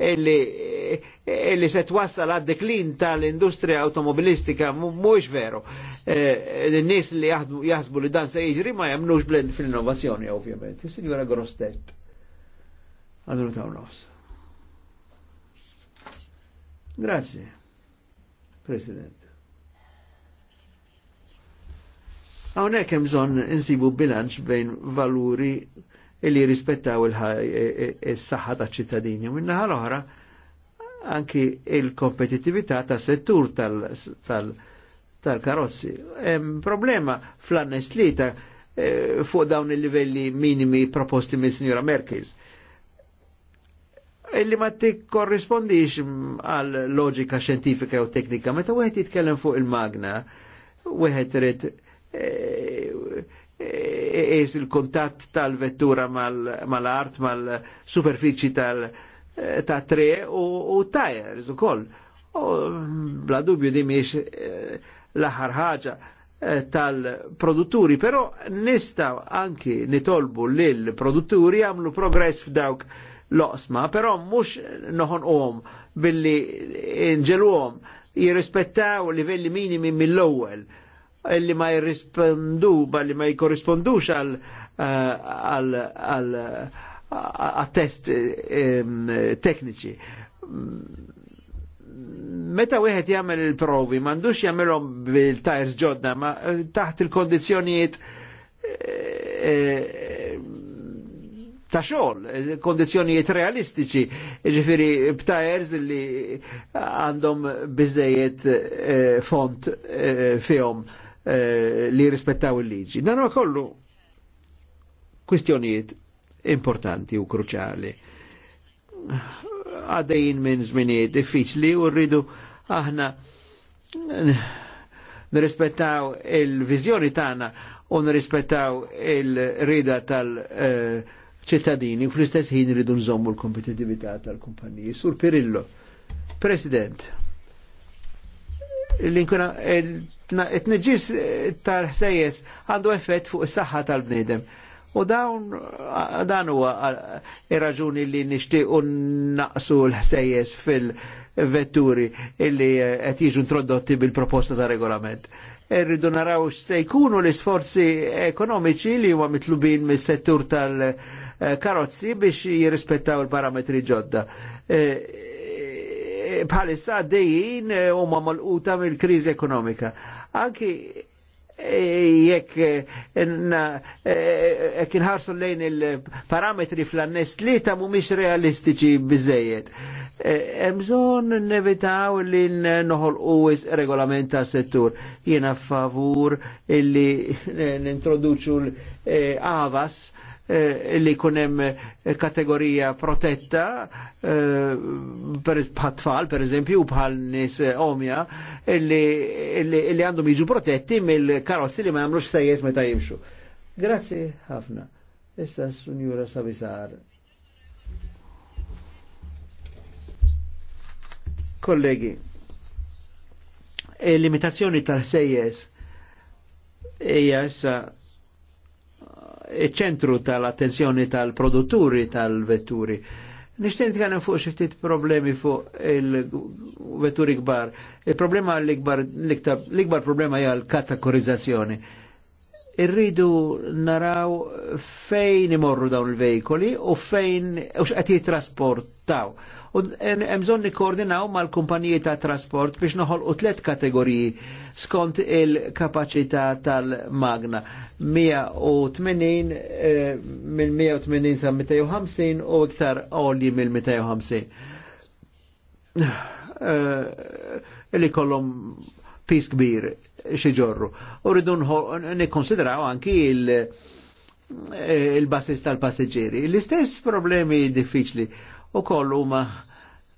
Speaker 2: illi, illi se twassal għad-deklin tal-industrija automobilistika mhuwiex veru. Eh, eh, n-nies li jaħsbu li dan se jiġri ma jemnux fl-innovazzjoni ovvjament. Signora Grostet. Għadru ta' nofs. Grazie, President. Għawnek hemm insibu bilanċ bejn valuri illi rispettaw il-saħħa ta' ċittadini. U minnaħa l-oħra anki il-kompetitività ta' settur tal-karozzi. Hemm problema fl-annes ta' eh, fuq dawn il-livelli minimi proposti minn signora Merkis. Illi ma korrispondix għal loġika xjentifika u teknika, meta wieħed jitkellem fuq il-magna, wieħed irid eh, il-kontatt tal-vettura mal-art, mal superfici tal- eh, tre u tajers u koll. Bla dubju di miex eh, l ħaġa eh, tal-produtturi, però nistaw anki nitolbu l produtturi għamlu progress f'dawk l-osma, però mux noħon uħom billi nġelu om jirrispettaw livelli minimi mill-ewwel illi ma jirrispondu, li ma jikorrispondux għal eh, test tekniċi. Meta wieħed jagħmel il-provi, m'għandux jagħmelhom bil-tajrs ġodda, ma eh, taħt il-kondizzjonijiet eh, ta' xogħol, kondizzjonijiet realistiċi, ġifiri b'tajers li għandhom biżejjed font fihom. Eh, li rispettaw il-liġi. Dan huwa kollu kwistjonijiet importanti u kruċali. Għadajin minn żminijiet diffiċli u rridu aħna nirrispettaw il-vizjoni tagħna u nirrispettaw il-rida tal-ċittadini u fl-istess ħin rridu nżommu l-kompetitività tal-kumpaniji. Sur Pirillo, President l-inkuna t nġis tal-ħsejjes għandu effett fuq is-saħħa tal-bnedem. U dawn dan huwa ir-raġuni li nixtiequ naqsu l-ħsejjes fil-vetturi illi qed jiġu introdotti bil-proposta ta' regolament. Irridu naraw se jkunu l-isforzi ekonomiċi li huwa mitlubin mis-settur tal-karozzi biex jirrispettaw il-parametri ġodda. E bħalissa dejjin eh, mal malquta mill krizi ekonomika. Anki eh, jekk eh, jekk inħarsu lejn il-parametri fl annest li ta' mumiex realistiċi bizzejiet. Emżon nevitaw li noħol u regolament ta' settur. Jena favur illi nintroduċu l-avas eh, Eh, li kunem eh, kategorija protetta eh, per tfal per eżempju bħal nis omja li għandhom jiġu protetti mill-karozzi li ma jagħmlux sejjed meta jimxu. Grazzi ħafna. Issa sunjura Savisar. Kollegi, limitazzjoni tal-sejjes hija issa ċentru tal-attenzjoni tal-produtturi tal-vetturi. Nishtin nitkellem fuq xi ftit problemi fuq il-vetturi kbar. Il-problema l-ikbar l-ikbar problema hija l-kategorizzazzjoni. Irridu naraw fejn imorru dawn il-vejkoli u fejn u x'qed jittrasportaw. trasportaw u hemm bżonn nikkoordinaw mal-kumpaniji ta' trasport biex noħolqu tliet kategoriji skont il-kapaċità tal-magna 180 eh, minn 180 sa 250 u iktar għolji mill 250 eh, li kollhom pis kbir xieġorru. U rridu nikonsidraw anki il- eh, il-basis tal-passeġġieri. L-istess problemi diffiċli u kollu ma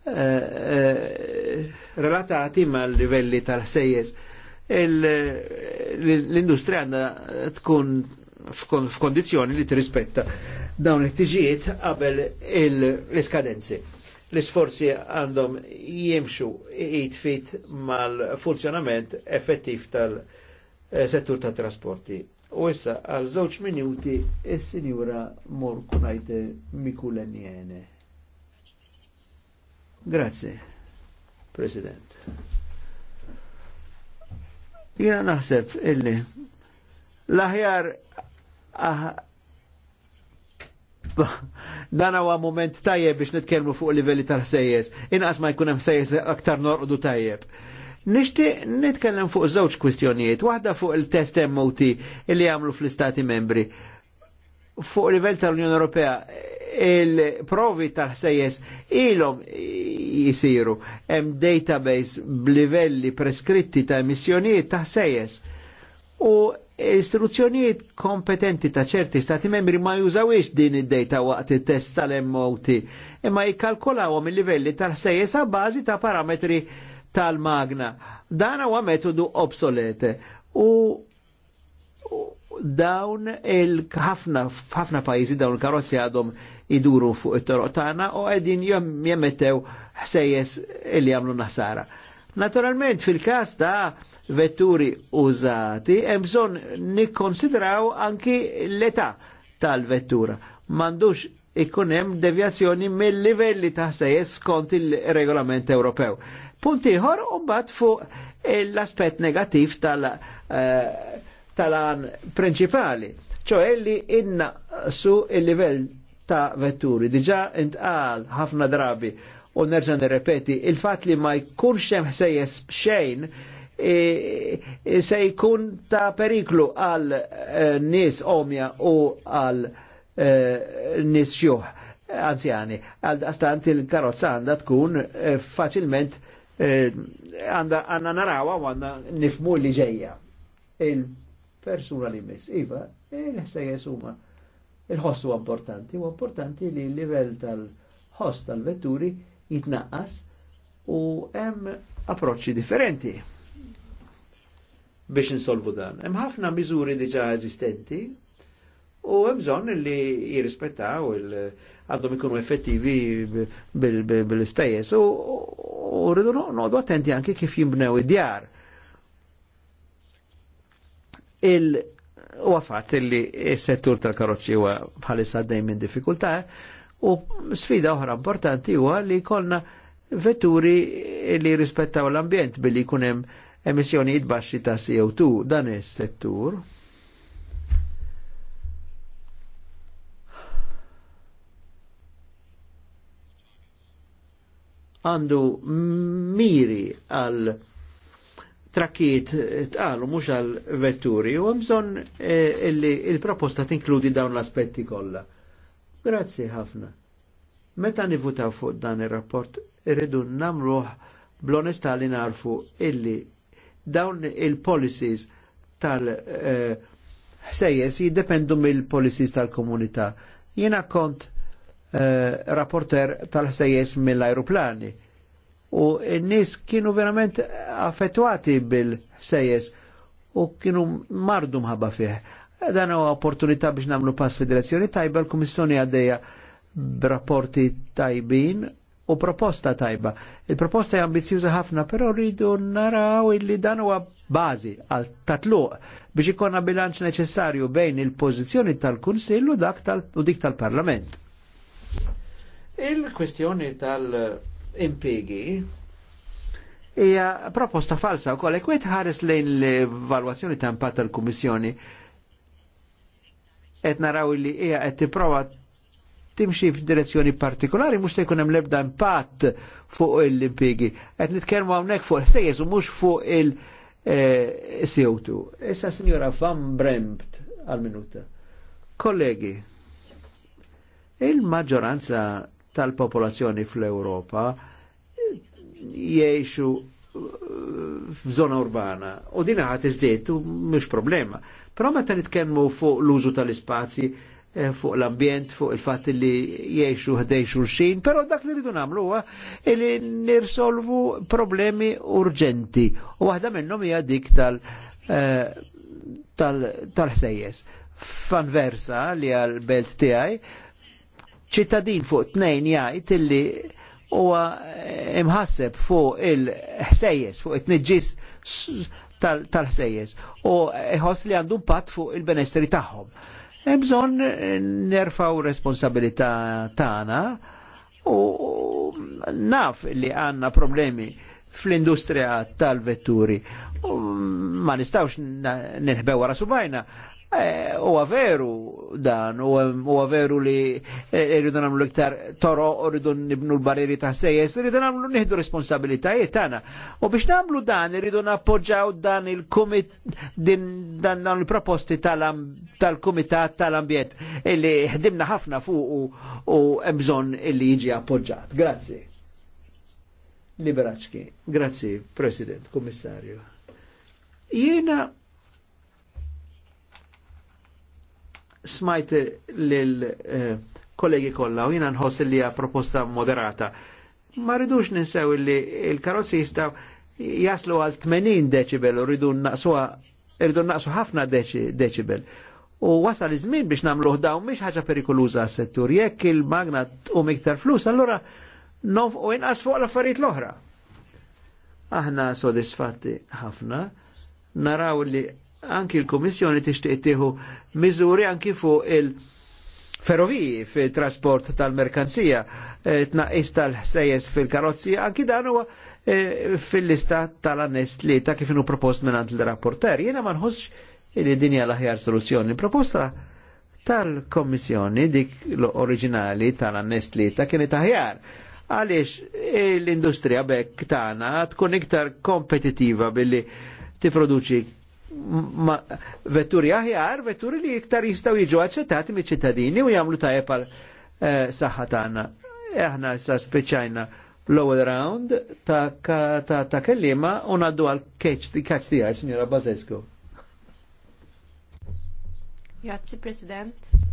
Speaker 2: eh, eh, relatati ma livelli tal sejjes l industria għandha tkun f'kondizjoni li tirrispetta dawn it-tiġijiet qabel l-iskadenzi. L-isforzi għandhom jimxu jitfit mal-funzjonament effettiv tal-settur tat trasporti. U issa għal żewġ minuti is-sinjura Morkunajte Mikulenjene. Grazie, President. Jena naħseb illi l-aħjar ah, dan huwa moment tajjeb biex nitkellmu fuq livelli ta' ħsejjes inqas ma jkun hemm sejjes aktar norqdu tajjeb. Nixtieq nitkellem fuq żewġ kwistjonijiet, waħda fuq il-test MOT li jagħmlu fl-Istati membri. Fuq livell tal-Unjoni Ewropea il-provi ta' ħsejjes ilhom jisiru hemm database b'livelli preskritti ta' emissjonijiet ta' U istruzzjonijiet kompetenti ta' ċerti stati membri ma jużawiex din id-data waqt it-test tal-MOT, imma jikkalkulawhom il-livelli tal-ħsejjes sa' bażi ta' parametri tal-magna. Dan huwa metodu obsolete. u dawn il-ħafna ħafna pajjiżi dawn il-karozzi għadhom iduru fuq it-toroq tagħna u qegħdin jemmetew ħsejjes li jagħmlu naħsara. Naturalment fil-każ ta' vetturi użati hemm bżonn nikkonsidraw anki l-età tal-vettura. M'għandux ikun hemm devjazzjoni mill-livelli ta' ħsejjes skont il-regolament Ewropew. Punt ieħor u mbagħad fuq l-aspett negattiv tal- uh, tal-għan principali, ċoħe li inna su il-livell ta' vetturi. Diġa intqal ħafna drabi u nerġa nirrepeti, il-fat li ma jkunx hemm sejjes xejn e, e, se jkun ta' periklu għal e, nis omja u għal nis xjuħ anzjani. Għal stant il-karozza għanda tkun faċilment għanda narawa għanda nifmu li ġejja persuna li mis. Iva, il-ħsejjes huma il-ħossu importanti, u importanti li l-livell tal-ħoss tal-vetturi jitnaqqas u hemm approċċi differenti biex insolvu dan. Hemm ħafna miżuri diġà eżistenti u hemm bżonn li jirrispettaw għandhom ikunu effettivi bil-ispejjeż u rridu noqgħdu attenti anke kif jinbnew id-djar il- u għafat illi il-settur tal-karozzi huwa bħalissa għaddej minn diffikultà u sfida oħra importanti huwa li jkollna vetturi li rispettaw l-ambjent billi kunem emissjonijiet baxxi ta' CO2 dan is-settur. għandu miri għal Trakiet tqalu mhux għal vetturi u bżonn eh, illi il-proposta tinkludi dawn l-aspetti kollha. Grazzi ħafna. Meta nivutaw fuq dan ir-rapport irridu nagħmluh bl-onestà li narfu illi dawn il-policies tal- eh, sejjes jiddependu mill-policies tal-komunità. Jiena kont eh, rapporter tal-sejjes mill-ajruplani u n-nis kienu verament affettwati bil-sejjes u kienu mardu mħabba fih. Dan u opportunità biex namlu pass federazzjoni tajba l-Kummissjoni għaddejja b'rapporti tajbin u proposta tajba. Il-proposta hija ambizjuża ħafna, però rridu naraw illi dan huwa bażi għal tatluq biex ikonna bilanċ neċessarju bejn il-pożizzjoni tal-Kunsill u dik tal-Parlament. Il-kwestjoni tal-, dak tal u dik tal parlament il kwestjoni tal impiegi hija proposta falsa wkoll hekk wieħed ħares lejn l-evalwazzjoni ta' impatt tal-Kummissjoni qed naraw li hija qed tipprova timxi f'direzzjoni partikolari mhux se jkun hemm l-ebda impatt fuq l impiegi Qed nitkellmu hawnhekk fuq sejjes u mhux fuq il-CO2. Eh, Issa Sinjora Van Brempt għal-minuta. Kollegi, il-maġġoranza tal-popolazzjoni fl-Europa jiexu eh, f'żona urbana u din għat iżdiet u mhux problema. Però meta nitkellmu fuq l-użu tal-ispazji, eh, fuq l-ambjent, fuq il-fatt li jiexu ħdej xulxin, però dak li rridu namlu huwa li nirsolvu problemi urġenti u waħda minnhom hija dik tal- eh, tal-ħsejjes. Fanversa li għal-belt tiegħi ċittadin fuq t-nejn jgħid illi huwa imħasseb fuq il-ħsejjes, fuq it-nġis tal-ħsejjes u iħoss li għandu pat fuq il-benestri tagħhom. Hemm bżonn nerfaw responsabilità tagħna u naf li għanna problemi fl-industrija tal-vetturi. Ma nistawx nirħbew wara subajna, Eh, u veru dan, u veru li eh, rridu namlu iktar toro, u rridu nibnu l-barriri ta' sejjes, rridu namlu nihdu responsabilitajiet tana. U biex namlu dan, rridu nappoġġaw dan il-komit, dan il-proposti tal-komitat tal ambiet illi ħdimna ħafna fuq u emżon illi jiġi appoġġat. Grazie. Liberaċki. Grazie, President, Kommissarju. Jiena smajt lil-kollegi eh, kollha u jiena nħoss li hija proposta moderata. Ma ridux ninsew li il-karozzi jistgħu jaslu għal 80 decibel u ridu naqsuha irridu naqsu ħafna decibel. U wasal iż-żmien biex nagħmluh dawn mhix ħaġa perikoluża għas-settur. Jekk il-magna tqum iktar flus, allura nof u inqas fuq l-affarijiet l-oħra. Aħna sodisfatti ħafna naraw li anki l-Komissjoni tixtieq tieħu miżuri anki fuq il- ferroviji fi trasport tal-merkanzija tnaqis eh, tnaqqis tal sejjes fil-karozzi anki dan huwa eh, fil-lista tal-annes li ta' kif inhu propost minn il-rapporter. Jiena ma nħossx li din hija l-aħjar soluzzjoni. Proposta tal-Kommissjoni dik l-oriġinali tal-annes li ta' kienet aħjar għaliex eh, l-industrija bekk tagħna tkun iktar kompetitiva billi tiproduċi vetturi aħjar, vetturi li iktar jistaw jiġu aċċettati mi ċittadini u jamlu tajjeb għal eh, saħħa tagħna. Eh, aħna issa spiċċajna l-ewwel round ta' kellima u ngħaddu għal keċ di catch tiegħi, għal, Signora Bazescu.
Speaker 1: President.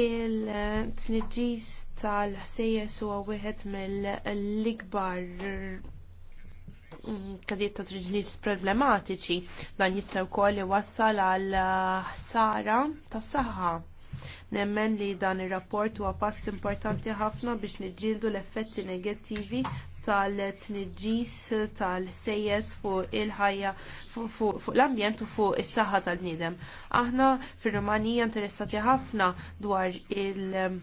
Speaker 1: Il-tniġġis tal-ħsejjes huwa wieħed mill-ikbar mm, kazijiet ta' triġniet problematiċi dan jista' wkoll wassal għal ħsara tas saħħa. Nemmen li dan ir-rapport huwa pass importanti ħafna biex niġġieldu l-effetti negattivi tal-tniġġis tal-sejjes fuq il-ħajja fuq l-ambjent u fuq is-saħħa tal-bniedem. Aħna fir-Rumanija interessati ħafna dwar il-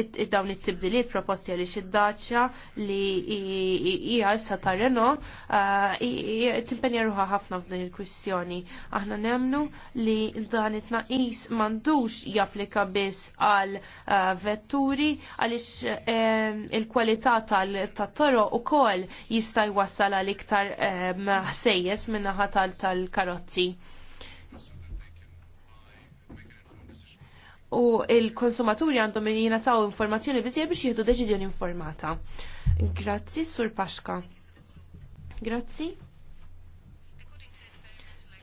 Speaker 1: id-dawn it-tibdiliet proposti għaliex id-daċċa li hija issa ta' Renault uh, timpenja ruħa ħafna f'din il-kwistjoni. Aħna nemnu li dan it naqis m'għandux japplika biss għal uh, vetturi għaliex il-kwalità tal-toro ukoll jista' jwassal għal iktar ħsejjes minnaħa tal-karozzi. u il-konsumaturi għandhom jingħataw informazzjoni biżjed biex jieħdu deċiżjoni informata. Grazzi, Sur Paxka. Grazzi.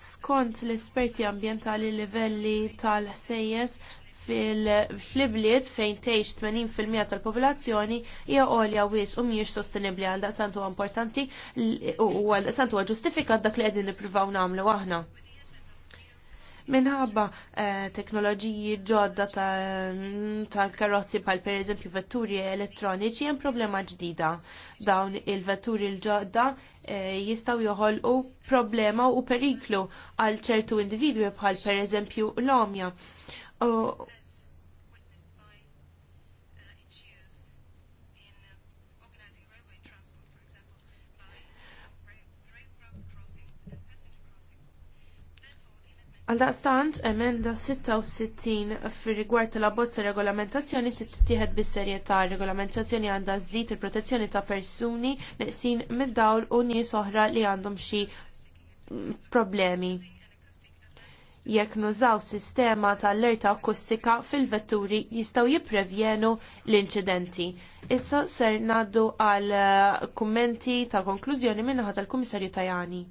Speaker 1: Skont l-esperti ambientali livelli tal sejjes fil-flibliet fejn tgħix 80% tal-popolazzjoni hija għolja wis u miex sostenibbli għal daqsantu huwa importanti u għal daqsantu huwa ġustifikat dak li qegħdin nippruvaw nagħmlu aħna minħabba eh, teknoloġiji ġodda tal-karozzi bħal pereżempju vetturi elettroniċi hemm problema ġdida. Dawn il-vetturi l-ġodda eh, jistgħu joħolqu problema u periklu għal ċertu individwi bħal pereżempju l-omja. Għaldaqstant, emenda 66 fir rigward tal-abbozza regolamentazzjoni trid tittieħed bis-serjetà. Regolamentazzjoni għandha żżid il-protezzjoni ta' persuni neqsin mid-dawl u nies oħra li għandhom xi mm, problemi. Jekk nużaw sistema ta' allerta akustika fil-vetturi jistgħu jipprevjenu l-inċidenti. Issa ser ngħaddu għal eh, kummenti ta' konklużjoni min-naħa tal-Kummissarju Tajani.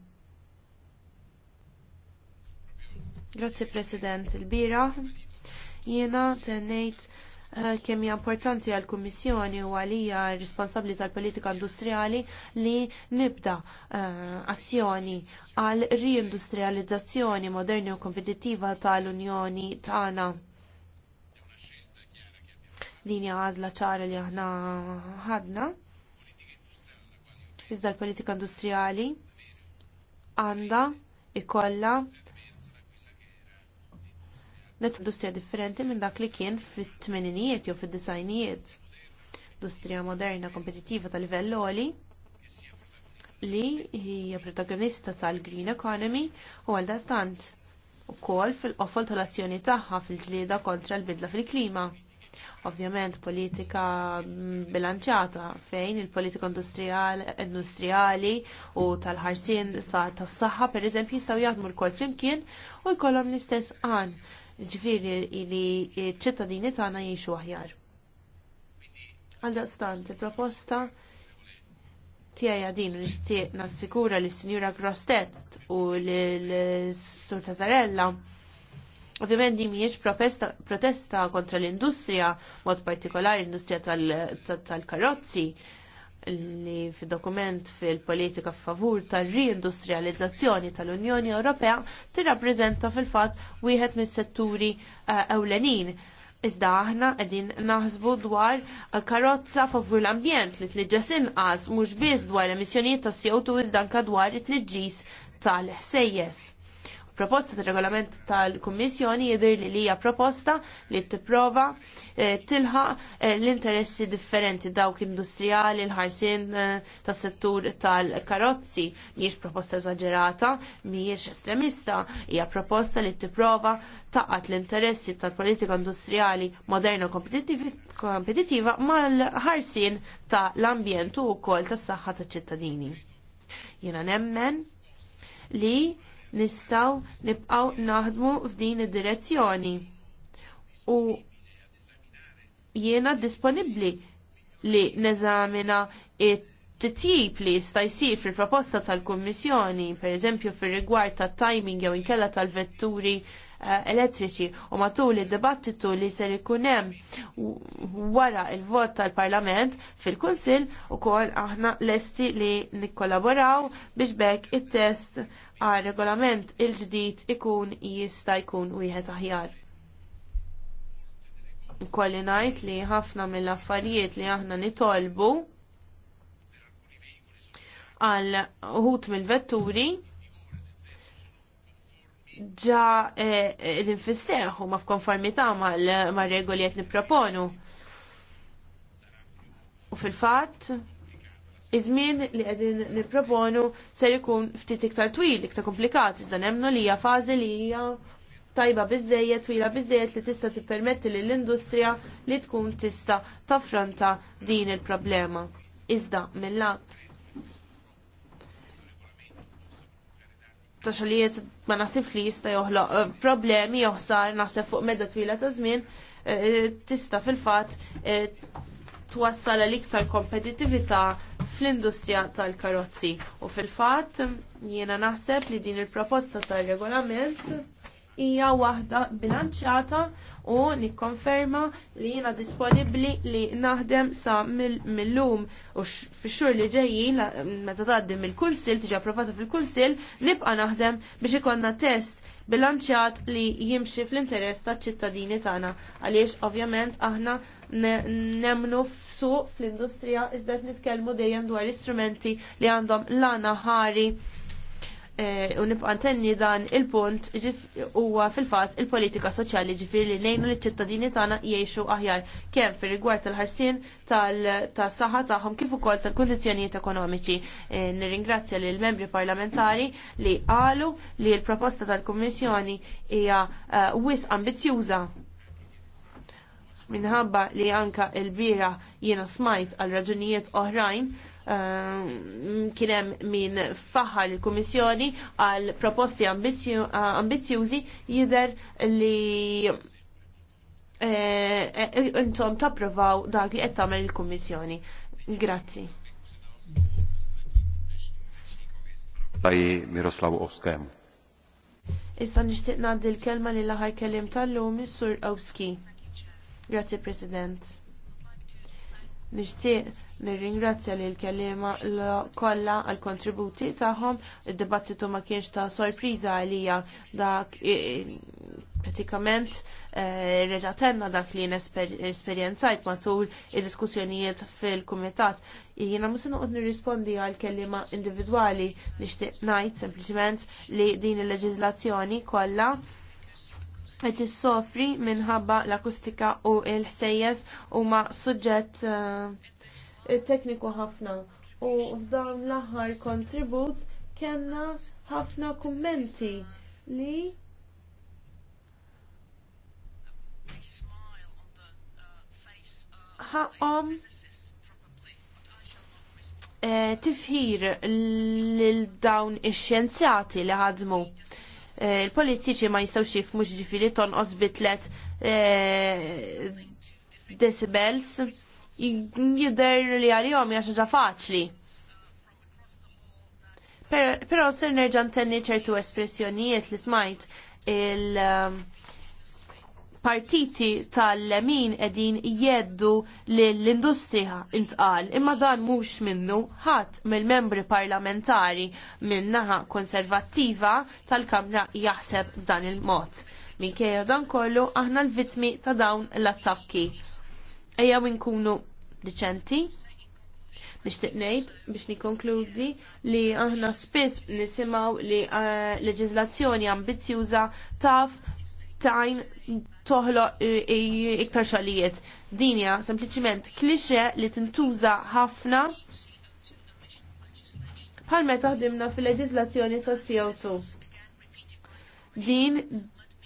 Speaker 1: Grazzi President, il-bira jiena tennejt eh, kemm hija importanti għall kummissjoni u għalija responsabbli tal-politika industrijali li nibda eh, azzjoni għal riindustrializzazzjoni moderni u kompetittiva tal-Unjoni tagħna. Din hija għażla ċara li aħna ħadna. Iżda l-politika industrijali għandha ikollha l industrija differenti minn dak li kien fit-tmeninijiet jew fid-disajnijiet. Industrija moderna kompetittiva tal livell għoli li hija protagonista tal-green economy u għal dastant ukoll fil-qofol tal-azzjoni tagħha fil-ġlieda kontra l-bidla fil-klima. Ovvjament politika bilanċata fejn il-politika industrijali u tal-ħarsien tas-saħħa eżempju, jistgħu jaħdmu l-kol flimkien u jkollhom l-istess għan ġviri li ċittadini tagħna jgħixu aħjar. Għaldaqstant, il-proposta tiegħi din li xtieq nassikura li s-Sinjura Grostet u l-Sur Tazarella Ovvjament di mhijiex protesta kontra l-industrija, mod partikolari l-industrija tal-karozzi, tal tal karozzi li fid-dokument fil-politika favur tar reindustrializzazzjoni tal-Unjoni Ewropea tirrappreżenta fil-fatt wieħed mis-setturi eh, ewlenin. Iżda aħna qegħdin naħsbu dwar eh, karozza favur l-ambjent li tniġġes inqas mhux biss dwar emissjonijiet ta' CO2 iżda anke dwar it-tniġġis tal-ħsejjes proposta ta' regolament tal-Kummissjoni jidhir li hija proposta li tipprova eh, tilħaq eh, l-interessi differenti dawk industrijali l-ħarsin eh, tas settur tal-karozzi mhijiex proposta eżaġerata, mhijiex estremista, hija proposta li tipprova taqat l-interessi tal-politika industrijali moderna kompetitiva mal-ħarsin ta' l u wkoll tas-saħħa taċ-ċittadini. Jiena nemmen li nistaw nibqaw naħdmu f'din id-direzzjoni. U jiena disponibli li neżamina it-titjib li jista' jsir fil-proposta tal-Kummissjoni, per eżempju fir-rigward tat-timing jew inkella tal-vetturi eh, elettriċi u matul id-dibattitu li ser ikun hemm wara il-vot tal-Parlament fil-Kunsill ukoll aħna lesti li nikkolaboraw biex bekk it-test għal regolament il-ġdid ikun jista jkun wieħed aħjar. Kolli ngħid li ħafna mill-affarijiet li aħna nitolbu għal uħut mill-vetturi ġa eh, eh, l fisseħu ma f'konformità mal regoli qed nipproponu. U fil-fatt iż-żmien li qegħdin nipproponu ser ikun ftit iktar twil, iktar komplikat, iżda nemnu li hija fażi li hija tajba biżejjed, twila biżejjed li tista' tippermetti lill industrija li tkun tista' taffronta din il-problema. Iżda mill-lat ta' xalijiet ma nasif li jista' joħloq eh, problemi joħsar naħseb fuq medda twila ta' żmien eh, tista' fil-fatt eh, twassal l-iktar kompetitività fl-industrija tal-karozzi. U fil-fatt jiena naħseb li din il-proposta tal-regolament hija waħda bilanċjata u nikkonferma li jiena disponibbli li naħdem sa mill-lum u fix-xhur li ġejjin meta tgħaddim il-kunsil tiġi approvata fil-kunsil nibqa' naħdem biex ikollna test bilanċjat li jimxi fl-interess taċ-ċittadini tagħna għaliex ovvjament aħna nemnu f'su fl-industrija iżda nitkelmu nitkellmu dejjem dwar istrumenti li għandhom lana ħari e, u nipqantenni dan il-punt huwa fil-fatt il-politika soċjali ġifiri li nejnu li ċittadini tagħna jgħixu aħjar kemm fir-rigward tal-ħarsien tas-saħħa tagħhom kif ukoll tal-kundizzjonijiet ekonomiċi. E, nirringrazzja lill membri parlamentari li qalu li l-proposta tal-Kummissjoni hija e, wisq ambizzjuża minħabba li anka il-bira jiena smajt għal raġunijiet oħrajn ehm, kien hemm min faħar il-Kummissjoni għal proposti ambizzjużi jidher li eh, eh, intom tapprovaw dak li qed tagħmel il-Kummissjoni. Grazzi.
Speaker 2: Taj Miroslav Oskem.
Speaker 1: Issa nixtieq ngħaddi l-kelma li aħħar kelim tal-lum is-Sur Owski. Grazzi President. Nixtieq nirringrazzja li l-kelima kollha għall kontributi tagħhom. Id-dibattitu ma kienx ta' sorpriża għalija dak pratikament eh, reġatenna dak li nesperjenzajt matul id-diskussjonijiet fil-kumitat. Jiena musin uqt nirrispondi għal kelima individwali nixtieq ngħid sempliċement li din il-leġiżlazzjoni kollha qed issofri minħabba l-akustika u l-ħsejjes huma suġġett uh, tekniku ħafna. U f'dawn l-aħħar kontribut kellna ħafna kummenti li ħaqhom eh, tifħir lil dawn ix-xjenzjati li ħadmu. Eh, il-politiċi ma jistgħux jifmu ġifiri tonqos osbitlet eh, decibels jidher li għalihom hija ħaġa faċli. Però sir nerġa' ntenni ċertu espressjonijiet li smajt il- eh, partiti tal-lemin edin jeddu l-industrija intqal imma dan mhux minnu ħadd mill-membri parlamentari min naħa konservattiva tal-Kamra jaħseb dan il-mod. Minkejja dan kollu aħna l-vitmi ta' dawn l-attakki. Ejja nkunu diċenti, Nixtieq ngħid biex nikkonkludi li aħna spiss nisimgħu li uh, leġiżlazzjoni ambizzjuża taf tajn toħloq iktar xalijiet. Dinja sempliciment, klixe li tintuża ħafna bħal meta ħdimna fil leġislazzjoni tas CO2. Din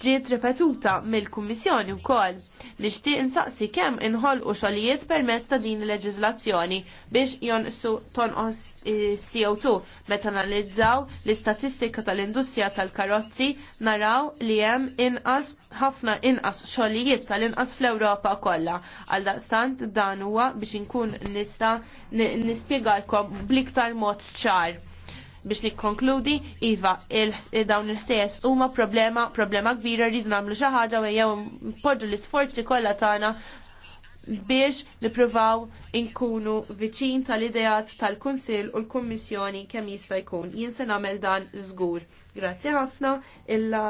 Speaker 1: ġiet ripetuta mill-Kummissjoni wkoll. Nixtieq insaqsi kemm inħolqu xogħlijiet permezz ta' din il-leġiżlazzjoni biex jonqsu tonqos CO2 meta analizzaw l-istatistika tal-industrija tal-karozzi naraw li hemm inqas ħafna inqas xogħlijiet tal-inqas fl-Ewropa kollha. Għal daqstant dan huwa biex inkun nista' nispjegalkom bliktar mod ċar biex nikkonkludi iva dawn il-ħsejjes huma problema, problema kbira rridu nagħmlu xi ħaġa u jew l-isforzi kollha tagħna biex nippruvaw inkunu viċin tal-idejat tal-Kunsill u l-Kummissjoni kemm jista' jkun. Jien se nagħmel dan żgur. Grazzi ħafna illa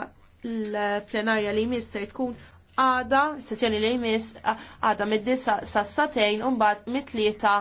Speaker 1: l-plenarja li jmiss se tkun għada, sessjoni li jmiss għada mid-disa sa' satejn u mbagħad mit-tlieta